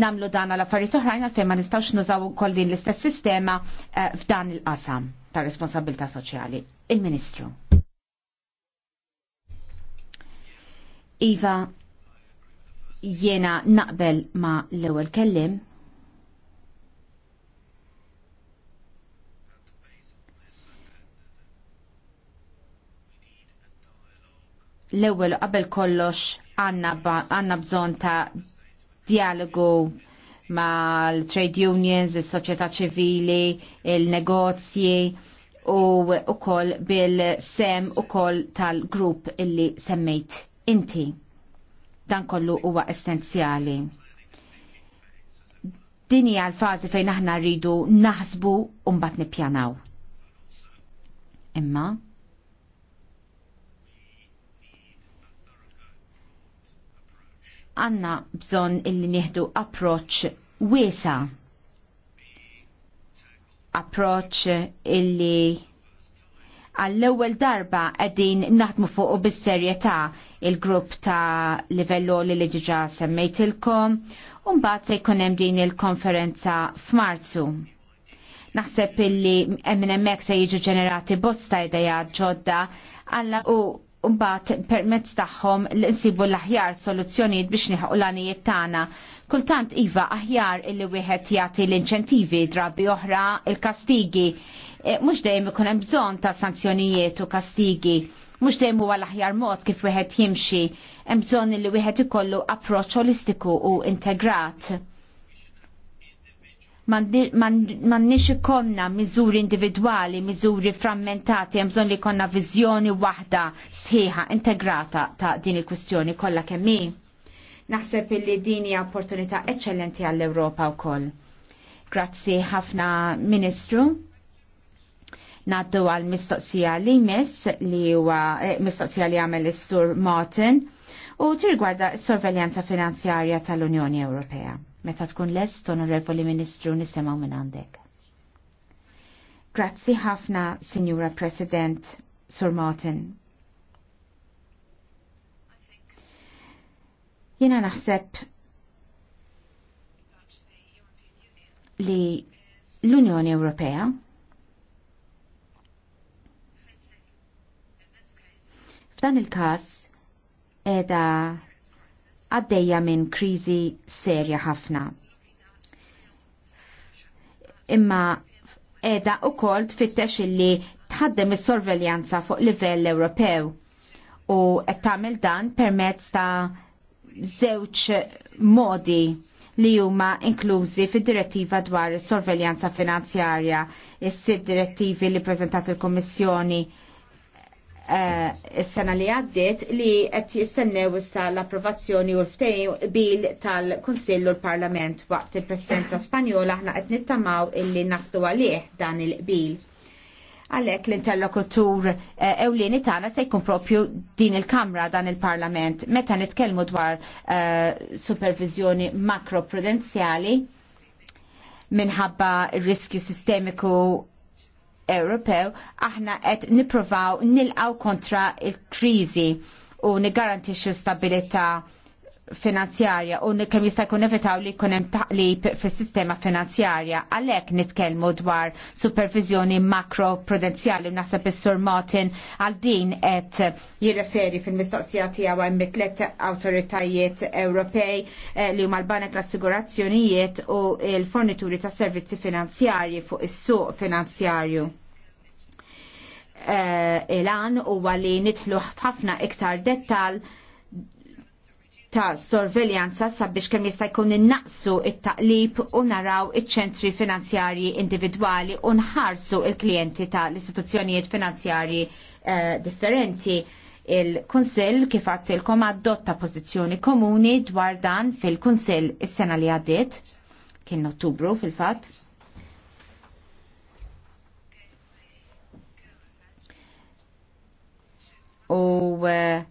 namlu dan għal affarijiet oħrajn għalfejn ma nistgħux nużaw ukoll din l-istess sistema f'dan il-qasam ta' responsabilità soċjali. Il-Ministru. Iva, jiena naqbel ma l-ewwel kellim l-ewwel qabel kollox għandna bżonn ta' dialogu mal-trade unions, is-soċjetà ċivili, il-negozji u wkoll bil-sem ukoll tal-grupp illi semmejt inti. Dan kollu huwa essenzjali. Din hija l-fażi fejn aħna rridu naħsbu u mbagħad nippjanaw. Imma għanna bżon illi nieħdu approċ wiesa. Approċ illi għall-ewwel darba qegħdin naħdmu fuq u bis-serjetà il-grupp ta' livello li li ġiġa semmejtilkom u mbagħad se jkun hemm din il-konferenza f'Marzu. Naħseb illi hemm hemmhekk se jiġu ġenerati bosta idejat ġodda għalla u Umbat permezz tagħhom l-insibu l-aħjar soluzzjonijiet biex nieħu l-għanijiet tagħna. Kultant iva aħjar illi wieħed jagħti l-inċentivi drabi oħra il-kastigi. E, mhux dejjem ikun hemm bżonn ta' sanzjonijiet u kastigi. Mhux dejjem huwa l-aħjar mod kif wieħed jimxi. Hemm bżonn illi wieħed ikollu approċċ holistiku u integrat Mannix ikonna miżuri individuali, miżuri frammentati, hemm bżonn li konna viżjoni waħda sħiħa, integrata ta' din il-kwistjoni kollha kemm hi. Naħseb li din hija opportunità eċċellenti għall-Ewropa wkoll. Grazzi ħafna Ministru. Naddu għal mistoqsija li miss li huwa eh, mistoqsija li għamel is-Sur Martin u tirgwarda s-sorveljanza finanzjarja tal-Unjoni Ewropea. Meta tkun lest, onorevoli Ministru, nisemaw minn għandek. Grazzi ħafna, Signora President, Sir Martin. Jena naħseb li l-Unjoni Ewropea f'dan il-każ edha għaddejja minn kriżi serja ħafna. Imma edha u kol tfittex illi tħaddem is-sorveljanza fuq livell Ewropew u qed tagħmel dan permezz ta' żewġ modi li huma inklużi fid-direttiva dwar is-sorveljanza finanzjarja, is-sid direttivi li preżentat il-Kummissjoni Eh, s-sena li għaddiet li qed jistennew issa l-approvazzjoni u l ftej bil tal-Kunsill u l-Parlament waqt il-Presidenza Spanjola aħna qed nittamaw illi nastu għalih dan il bil Għalhekk l-interlokutur eh, ewlieni tagħna se jkun propju din il-Kamra dan il-Parlament meta nitkellmu dwar eh, supervizjoni makroprudenzjali minħabba riskju sistemiku Ewropew aħna qed nippruvaw nilqaw kontra il-kriżi u nigarantixxu stabilità finanzjarja u kemm jista' jkun evitaw li jkun hemm taqlib fis-sistema finanzjarja għalhekk nitkellmu dwar supervizjoni makro prudenzjali u naħseb is-Sur Martin għal din qed jirreferi fil-mistoqsija tiegħu hemm tliet awtoritajiet Ewropej eh, li huma l-banek l-assigurazzjonijiet u l-fornituri ta' servizzi finanzjarji fuq is-suq finanzjarju. Uh, eh, Ilan huwa li nidħlu ħafna iktar dettal ta' sorveljanza sabiex kemm jista' jkun innaqsu it-taqlib u naraw iċ-ċentri finanzjarji individwali u nħarsu il-klijenti ta' l-istituzzjonijiet finanzjarji eh, differenti. Il-Kunsill kif għattilkom adotta pożizzjoni komuni dwar dan fil-Kunsill is-sena li għaddiet, kien Ottubru fil-fatt. U uh,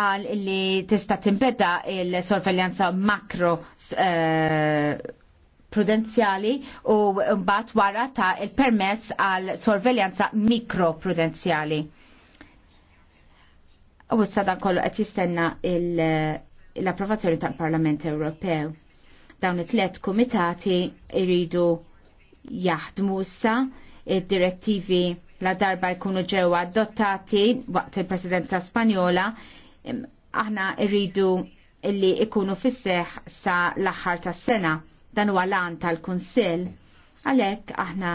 għal li tista' timbeda il-sorveljanza makro eh, prudenzjali u mbagħad wara ta' il-permess għal sorveljanza mikro prudenziali. U issa dan kollu qed jistenna l-approvazzjoni tal-Parlament Ewropew. Dawn it-tlet kumitati iridu jaħdmu issa id-direttivi la darba jkunu ġewa adottati waqt il-Presidenza Spanjola aħna rridu illi ikunu fisseħ sa l-aħħar tas sena dan huwa lan tal-Kunsill għalhekk aħna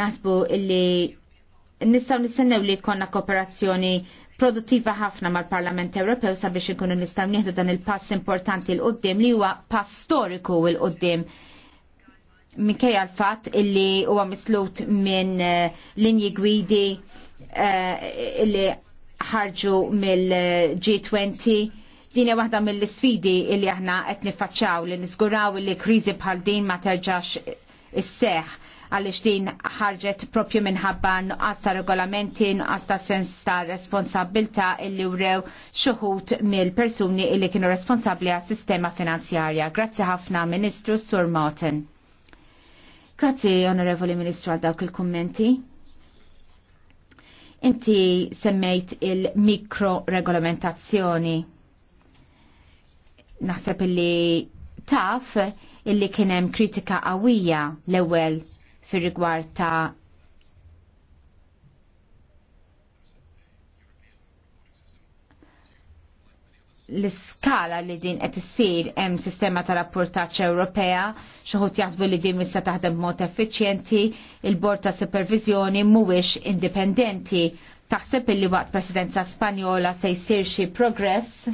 nasbu illi nistgħu nistennew li jkollna kooperazzjoni produttiva ħafna mal-Parlament Ewropew sabiex ikunu nistgħu nieħdu dan il-pass importanti l qoddim li huwa pass storiku l qoddim minkejja l-fatt illi huwa mislut minn eh, linji gwidi uh, illi ħarġu mill-G20 din hija waħda mill-isfidi li aħna qed nifaċċaw li nisguraw li kriżi bħal din ma terġax is-seħ għalix din ħarġet propju minħabba nuqqas ta' regolamenti, nuqqas ta' sens ta' responsabilta illi wrew xuħut mill-persuni illi kienu responsabli għas sistema finanzjarja. Grazzi ħafna, Ministru Sur Martin. Grazzi, Onorevoli Ministru, għal dawk il-kommenti. Inti semmejt il-mikroregolamentazzjoni. Naħseb illi taf illi kienem kritika qawwija l-ewwel fir rigward ta' l-iskala li din qed issir hemm sistema ta' rapportaċ Ewropea, xi ħud jaħsbu li din issa taħdem b'mod effiċjenti, il-bord ta' supervizjoni mhuwiex indipendenti. Taħseb illi waqt presidenza Spanjola se jsir xi progress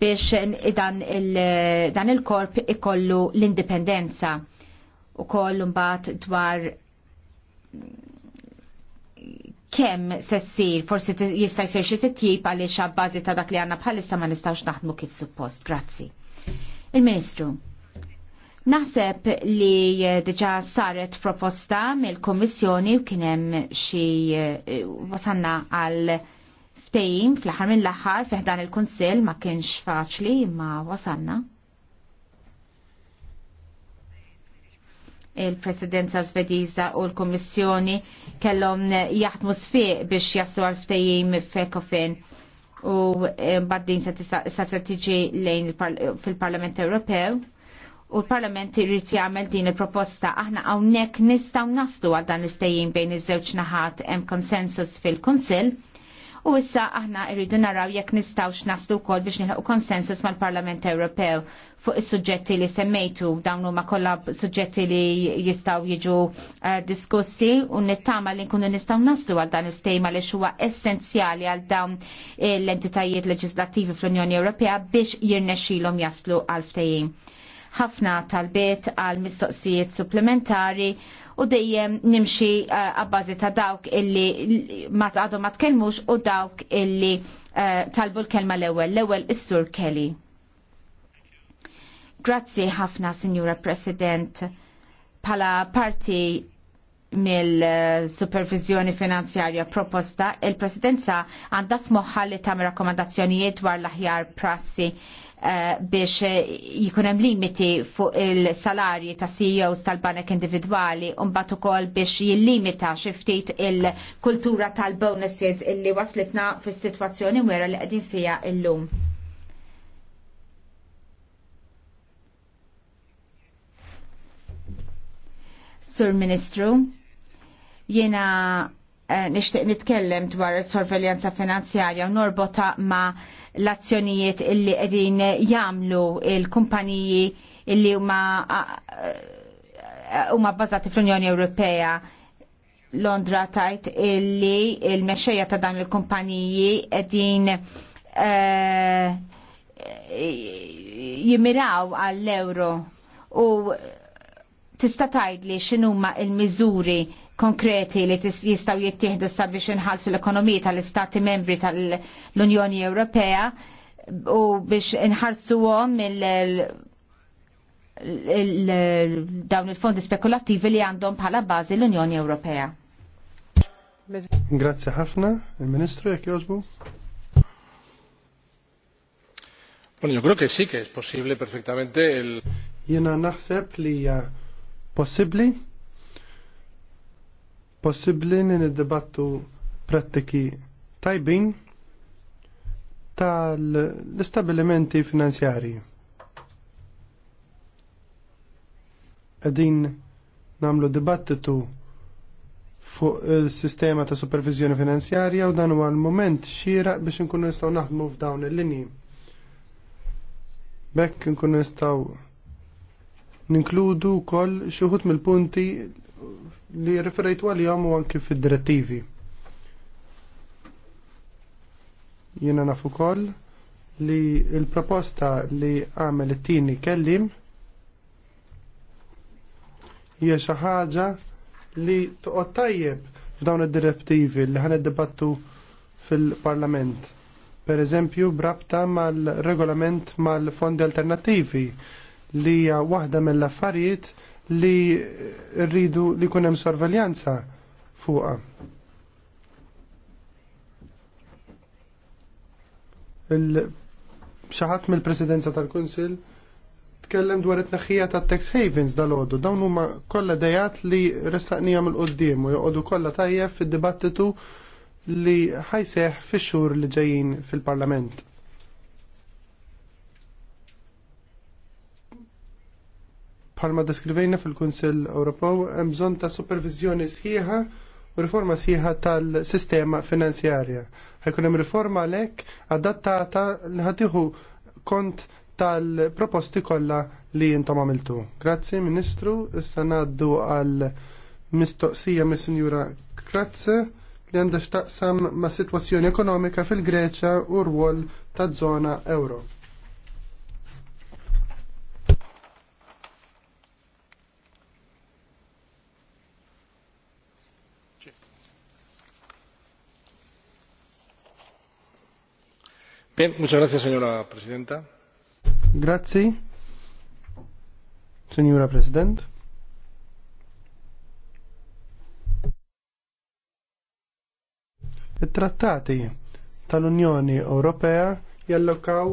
biex dan il-korp il ikollu l-indipendenza u koll mbagħad dwar kemm se ssir forsi jista' jsir xi titjib għaliex għabbażi ta' dak li għandna bħalissa ma nistgħux naħdmu kif suppost. Grazzi. Il-Ministru. Naħseb li diġà saret proposta mill-Kommissjoni u kien hemm xi eh, wasanna għal ftejim fl-aħħar mill-aħħar fiħdan il-Kunsill ma kienx faċli ma wasanna. il-Presidenza Svediza u l-Kommissjoni kellhom jaħdmu sfiq biex jaslu għal ftehim f'Ecofin u eh, baddin sa tiġi lejn fil-Parlament Ewropew u l-Parlament irrid jagħmel din il-proposta aħna hawnhekk nistgħu naslu għal dan il-ftehim bejn iż-żewġ naħat hemm konsensus fil-Kunsill u issa aħna irridu naraw jekk nistawx naslu wkoll biex nilħaqu konsensus mal-Parlament Ewropew fuq is-suġġetti li semmejtu dawn huma kollha suġġetti li jistgħu jiġu eh, diskussi u nittama li nkunu nistgħu naslu għal dan il ftehim li huwa essenzjali għal dawn l-entitajiet leġislattivi fl-Unjoni Ewropea biex jirnexxilhom jaslu għal ftehim. ħafna talbiet għal mistoqsijiet supplementari u dejjem nimxi eh, għabbażi ta' dawk illi ma għadhom ma tkellmux u dawk illi eh, talbu l-kelma l-ewwel, l-ewwel is-Sur Kelly. Grazzi ħafna, Signora President. Pala parti mill-supervizjoni eh, finanzjarja proposta, il-presidenza għandha moħħalli tam tagħmel rakkomandazzjonijiet dwar l-aħjar prassi Eh, biex eh, jikunem limiti fuq il-salarji ta' CEOs tal-banek individuali un-bat ukoll biex jillimita xiftit il-kultura tal-bonuses illi waslitna fis situazzjoni mwera li qegħdin fija illum. Sur Ministru, jena eh, nishtiq nitkellem dwar sorveljanza finanzjarja u norbota ma' l-azzjonijiet illi qegħdin jagħmlu il-kumpaniji illi huma huma bbażati fl-Unjoni Ewropea Londra tajt illi il-mexxejja ta' dan il-kumpaniji qegħdin e, jimiraw għall-euro u tista' tgħidli x'inhuma l-miżuri konkreti li jistaw jittieħdu sabiex inħalsu l-ekonomija tal-Istati membri tal-Unjoni Ewropea u biex inħarsu għom dawn il-fondi spekulattivi li għandhom bħala bażi l-Unjoni Ewropea. Grazie ħafna. Il-Ministru jek jożbu? Bueno, yo creo que sí que es posible perfectamente el... Jena naħseb li possibli Possibbli li niddibattu prattiki tajbin tal-istabilimenti finanzjarji. Qegħdin nagħmlu dibattitu fuq il-sistema ta' supervizjoni finanzjarja u dan huwa l-moment xieraq biex nkunu nistgħu naħdmu f'dawn il-linji. Bekk nkunu nistgħu ninkludu wkoll xi wħud mill-punti li referejtu għalihom u għanki fid-direttivi. Jiena nafu koll li l-proposta li għamel it-tieni kellim hija xi ħaġa li toqgħod tajjeb f'dawn id-direttivi li ħan id-debattu fil-Parlament. Per eżempju, brabta mal-regolament mal-fondi alternativi li hija waħda mill-affarijiet li rridu li kunem sorveljanza fuqa. Xaħat mill-presidenza tal-Kunsil tkellem dwar it-naħħija ta' tax havens dal ħodu Dawn huma kollha dejat li ressaqnijam l qoddim u joqogħdu kollha tajjeb fid-dibattitu li ħajseħ fix-xhur li ġejjin fil-Parlament. Palma deskrivejna fil-Kunsel Ewropew hemm bżonn ta' supervizjoni sħiħa u riforma sħiħa tal-sistema finanzjarja. Ħajkun hemm riforma għalhekk adattata li ħatiħu kont tal-proposti kollha li jintom għamiltu. Grazzi, Ministru, issa ngħaddu għal mistoqsija mis-Sinjura Kratze li għandha xtaqsam ma' situazzjoni ekonomika fil-Greċja u rwol ta' zona euro. Bien, muchas gracias, señora presidenta. Grazie, signora Presidente. Il-trattati tal-Unjoni Ewropea jallokaw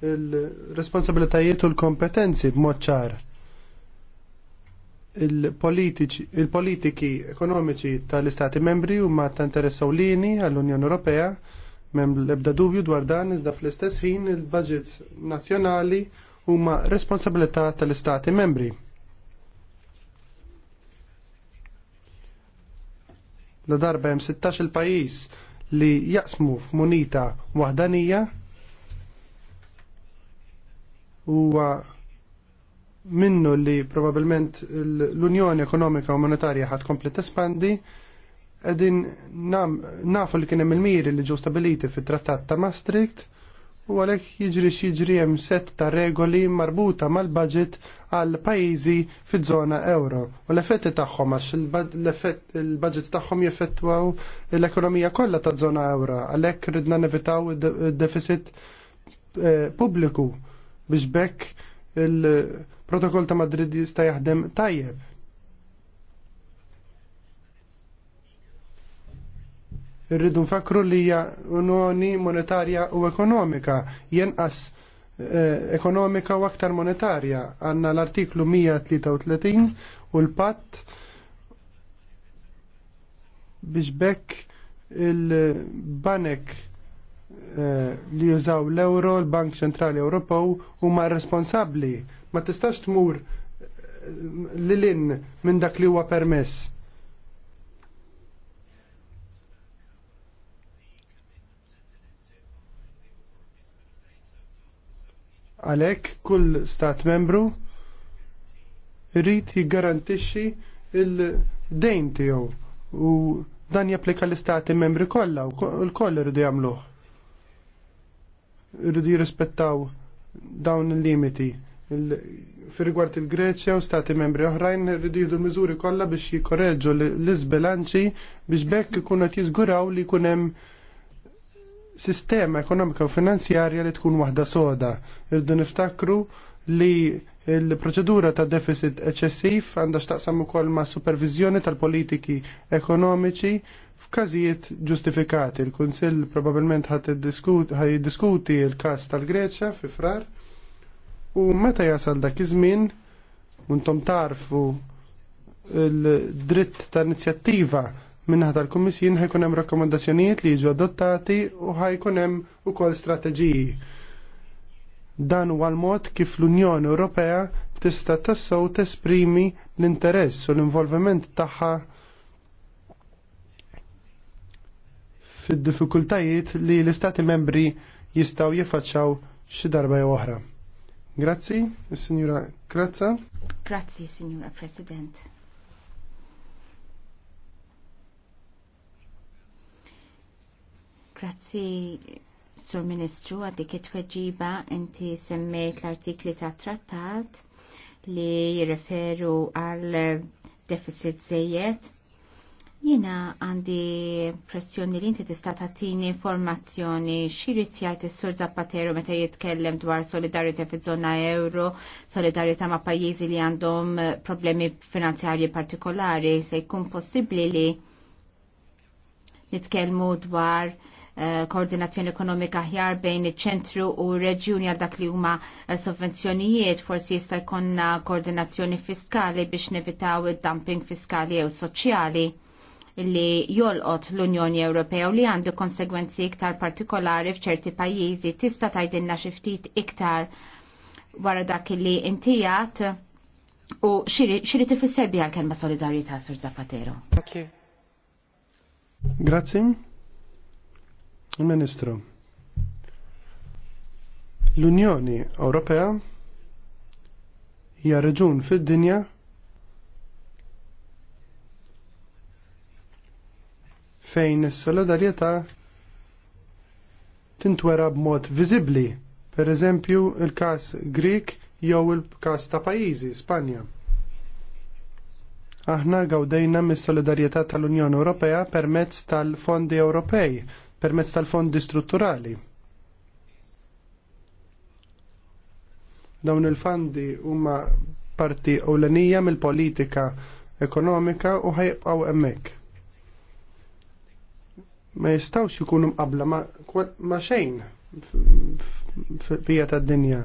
il-responsabilitajiet u l-kompetenzi b'mod ċar. Il-politiki ekonomiċi tal-Istati membri huma ta' interess ewlieni għall-Unjoni Ewropea Mem l-ebda dubju dwar dan iżda fl-istess ħin il-budgets nazzjonali huma responsabilità tal-istati membri. La darba hemm 16 il-pajjiż li jaqsmu f'munita waħdanija huwa minnu li probabilment l-Unjoni Ekonomika u Monetarja ħad komplet espandi Edin nafu li kienem il-miri li ġew stabiliti fit-trattat ta' Maastricht u għalek jiġri xieġri jem set ta' regoli marbuta mal-budget għal pajizi fid zona euro. U l-effetti tagħhom għax il-budget tagħhom jeffettwaw l-ekonomija kollha ta' zona euro. Għalek ridna nevitaw deficit eh, pubbliku biex bekk il-protokoll ta' Madrid jista' jaħdem tajjeb. Irridu nfakru li hija unjoni monetarja u ekonomika jenqas eh, ekonomika u aktar monetarja. għandna l-artiklu 133 u l-patt biex bekk il-banek eh, li jużaw l-euro, l-Bank Ċentrali Ewropew huma responsabbli. Ma tistax tmur eh, lilin minn dak li huwa permess. Għalhekk kull stat membru rrit jiggarantixxi il-dejn tiegħu u dan japplika l-istati membri kollha u l-koll irridu jagħmluh. Irridu jirrispettaw dawn il-limiti fir-rigward il-Greċja u stati membri oħrajn irridu jieħdu miżuri kollha biex jikkorreġġu l-isbilanċi biex bekk ikunu qed jiżguraw li jkun hemm sistema ekonomika u finanzjarja li tkun waħda soda. Irdu niftakru li il-proċedura ta' deficit eċessiv għandha xtaqsam ukoll ma' supervizjoni tal-politiki ekonomiċi f'każijiet ġustifikati. Il-Kunsill probabbilment ħajiddiskuti il-każ tal-Greċja fi frar u meta jasal dak iż-żmien untom tarfu l-dritt ta' inizjattiva minnaħa tal-Kummissjoni ħajkun hemm rakkomandazzjonijiet li jiġu adottati u ħajkun hemm ukoll strateġiji. Dan huwa l-mod kif l-Unjoni Ewropea tista' tassew tesprimi l-interess u l-involviment tagħha fid-diffikultajiet li l-Istati membri jistgħu jiffaċċaw xi darba jew oħra. Grazzi, signora Krazza. Grazzi, signora President. Grazzi, Sur Ministru, għaddik it-tweġiba inti semmejt l-artikli ta' trattat li jirreferu għal deficit zejiet. Jina għandi pressjoni li inti tista' tagħtini informazzjoni x'irid jgħid is-Sur Zapatero meta jitkellem dwar solidarjetà fiż-żona euro, solidarjetà ma' pajjiżi li għandhom problemi finanzjarji partikolari se jkun possibbli li nitkellmu dwar Eh, koordinazzjoni ekonomika ħjar bejn iċ-ċentru u reġjuni għal dak li huma eh, sovvenzjonijiet, forsi jista' jkollna koordinazzjoni fiskali biex nevitaw id-dumping fiskali jew soċjali li jolqot l-Unjoni Ewropea u li għandu konsegwenzi iktar partikolari f'ċerti pajjiżi tista' tgħidilna xi ftit iktar wara dak li intijat u xiri tifisser biha l-kelma solidarjetà Sur Zapatero. Grazie. Il-Ministru. L-Unjoni Ewropea hija reġun fid-dinja fejn is-solidarjetà tintwera b'mod viżibbli, pereżempju il-każ Grik jew il-każ ta' pajjiżi Spanja. Aħna gawdejna mis-solidarjetà tal-Unjoni Ewropea permezz tal-fondi Ewropej permezz tal-fondi strutturali. Dawn il-fondi huma parti ewlenija mill-politika ekonomika u ħajbqgħu hemmhekk. Ma jistgħux ikunu mqabla ma, xejn fil-bija tad-dinja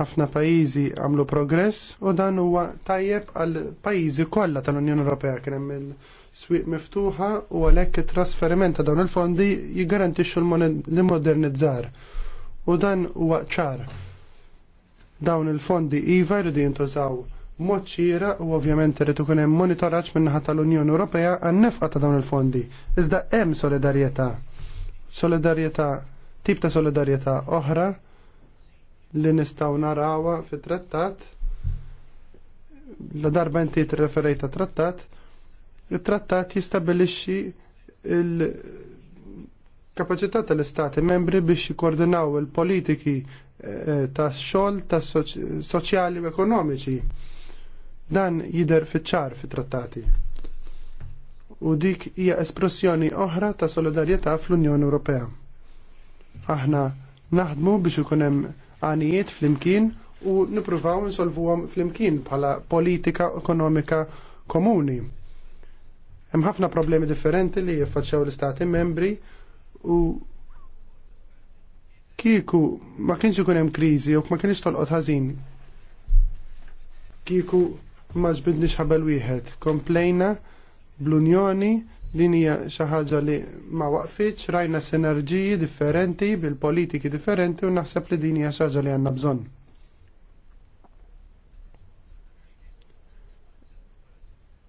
ħafna pajjiżi għamlu progress u dan huwa tajjeb għal pajjiżi kollha tal-Unjoni Ewropea kien hemm swieq miftuħa u għalhekk it-trasferiment ta' dawn il-fondi jiggarantixxu l-modernizzar. U dan huwa ċar. Dawn il-fondi iva jridu jintużaw mod ċira u ovvjament irid ikun hemm monitoraġġ min-naħa tal-Unjoni Ewropea għan-nefqa ta' dawn il-fondi. Iżda hemm solidarjetà. Solidarjetà tip ta' solidarjetà oħra li nistgħu narawha fit-trattat la darba inti tirreferejta trattat Il-trattat jistabilixxi il kapacità tal-istati membri biex jikkoordinaw il-politiki eh, tax xogħol tas soċjali u ekonomiċi. Dan jidher fiċ-ċar fit-trattati. U dik hija espressjoni oħra ta' solidarjetà fl-Unjoni Ewropea. Aħna naħdmu biex ikun hemm għanijiet flimkien u nippruvaw insolvuhom flimkien bħala politika ekonomika komuni Hemm ħafna problemi differenti li jiffaċċaw l-istati membri u kieku ma kienx ikun hemm kriżi u ma kienx tolqod ħażin. Kieku ma ġbidniex ħabel wieħed, komplejna bl-Unjoni din hija xi ħaġa li ma waqfitx, rajna sinerġiji differenti bil-politiki differenti u naħseb li din hija xi ħaġa li għandna bżonn.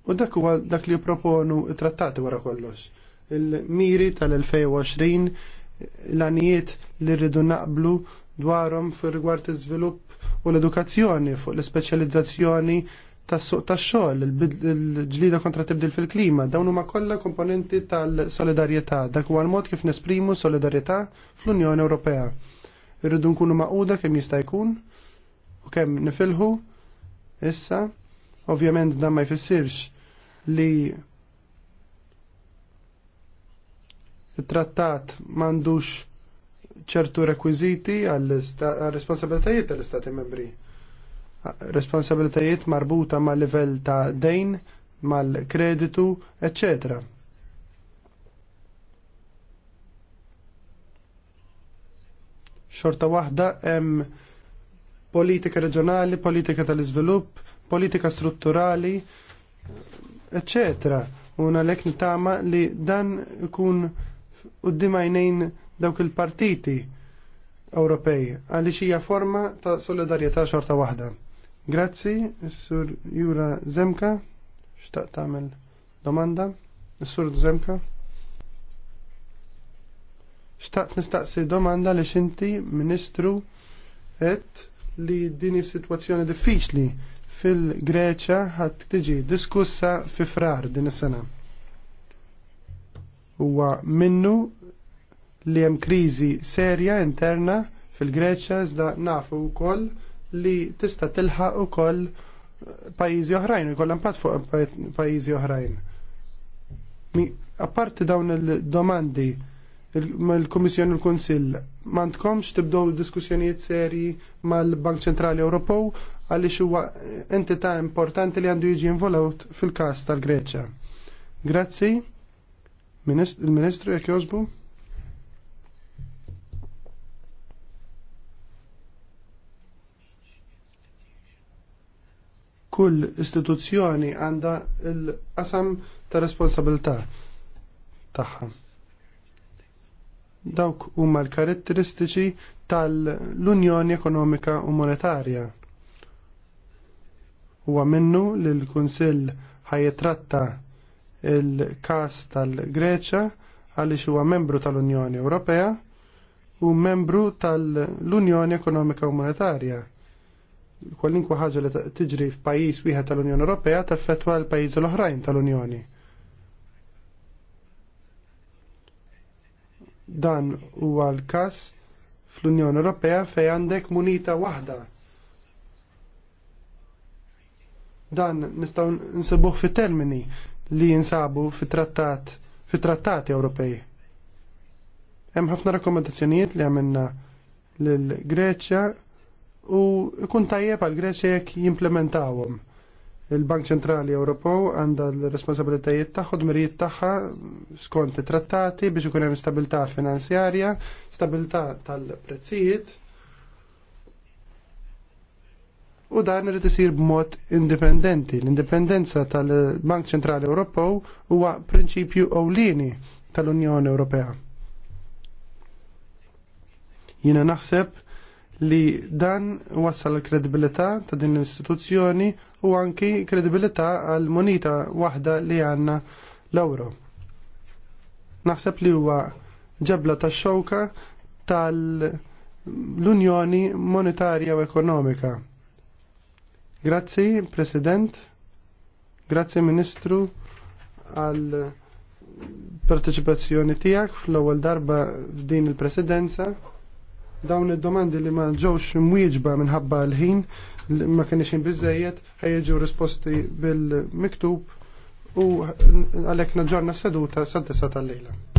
U dak huwa dak li proponu trattati wara kollox. Il-miri tal-2020 l-anijiet li rridu naqblu dwarhom fir rigward iżvilupp u l-edukazzjoni fuq l-ispeċjalizzazzjoni tas-suq tax-xogħol, il-ġlida kontra tibdil fil-klima, dawn huma kollha komponenti tal-solidarjetà, dak huwa l-mod kif nesprimu solidarjetà fl-Unjoni Ewropea. Irridu nkunu maquda kemm jista' jkun u kemm nifilħu issa, ovvjament dan ma jfissirx li il-trattat mandux ċertu rekwiziti għal-responsabilitajiet tal-istati membri. Responsabilitajiet marbuta ma' livell ta' dejn, mal-kreditu, etc. Xorta waħda hemm politika reġjonali, politika tal-iżvilupp, politika strutturali, eccetera. Una lek nitama li dan ikun u dimajnejn dawk il-partiti Ewropej għaliex hija forma ta' solidarjetà xorta waħda. Grazzi, sur Jura Zemka, xtaq tagħmel domanda, sur Zemka. Xtaqt nistaqsi domanda li xinti, Ministru, et li dini situazzjoni diffiċli fil-Greċja ħadd tiġi diskussa fi frar din is-sena. Huwa minnu li hemm kriżi serja interna fil-Greċja iżda nafu wkoll li tista' tilħaq ukoll pajjiżi oħrajn, jkollha impatt fuq pajjiżi oħrajn. Apparti dawn il-domandi il-Komissjoni u l kunsill mandkomx tibdow diskussjonijiet serji mal-Bank Ċentrali Ewropew għaliex huwa entità importanti li għandu jiġi involut fil-każ tal-Greċja. Grazzi, il-Ministru jekk jozbu? Kull istituzzjoni għandha l-qasam ta' responsabilità tagħha dawk huma l-karatteristiċi tal-Unjoni Ekonomika u Monetarja. Huwa minnu li l-Kunsill ħajitratta il-kas tal-Greċa għaliex huwa membru tal-Unjoni Ewropea u membru tal-Unjoni Ekonomika u Monetarja. Kwalinkwa ħaġa li tiġri f'pajjiż wieħed tal-Unjoni Ewropea taffettwa l-pajjiżi l-oħrajn tal-Unjoni. Dan huwa l-każ fl-Unjoni Ewropea fejn għandek munita waħda Dan nistgħu nsibuh fit-termini li jinsabu fit-trattat fi trattati Ewropej. Hemm ħafna rakkomandazzjonijiet li għamilna lill Greċja u ikun tajjeb għal Greċja jekk jimplementawhom. Il-Bank Ċentrali Ewropew għandha l-responsabilitajiet tagħhom dmirijiet tagħha skont it-trattati biex ikun hemm stabilità finanzjarja, stabilità tal-prezzijiet u dan irid isir b'mod indipendenti. L-indipendenza tal-Bank Ċentrali Ewropew huwa prinċipju ewlieni tal-Unjoni Ewropea. Jiena naħseb li dan wassal l-kredibilità ta' din l-istituzzjoni u anki kredibilità għal monita waħda li għanna l-euro. Naħseb li huwa ġebla ta' xoka tal-Unjoni Monetarja u Ekonomika Grazzi, President. Grazzi, Ministru, għal parteċipazzjoni tiegħek fl-ewwel darba f'din il-Presidenza. Dawn id-domandi li ma ġewx mwieġba minħabba l-ħin ma kienx biżejjed ħejjeġu risposti bil-miktub u għalhekk naġġorna seduta sa' tisa tal-lejla.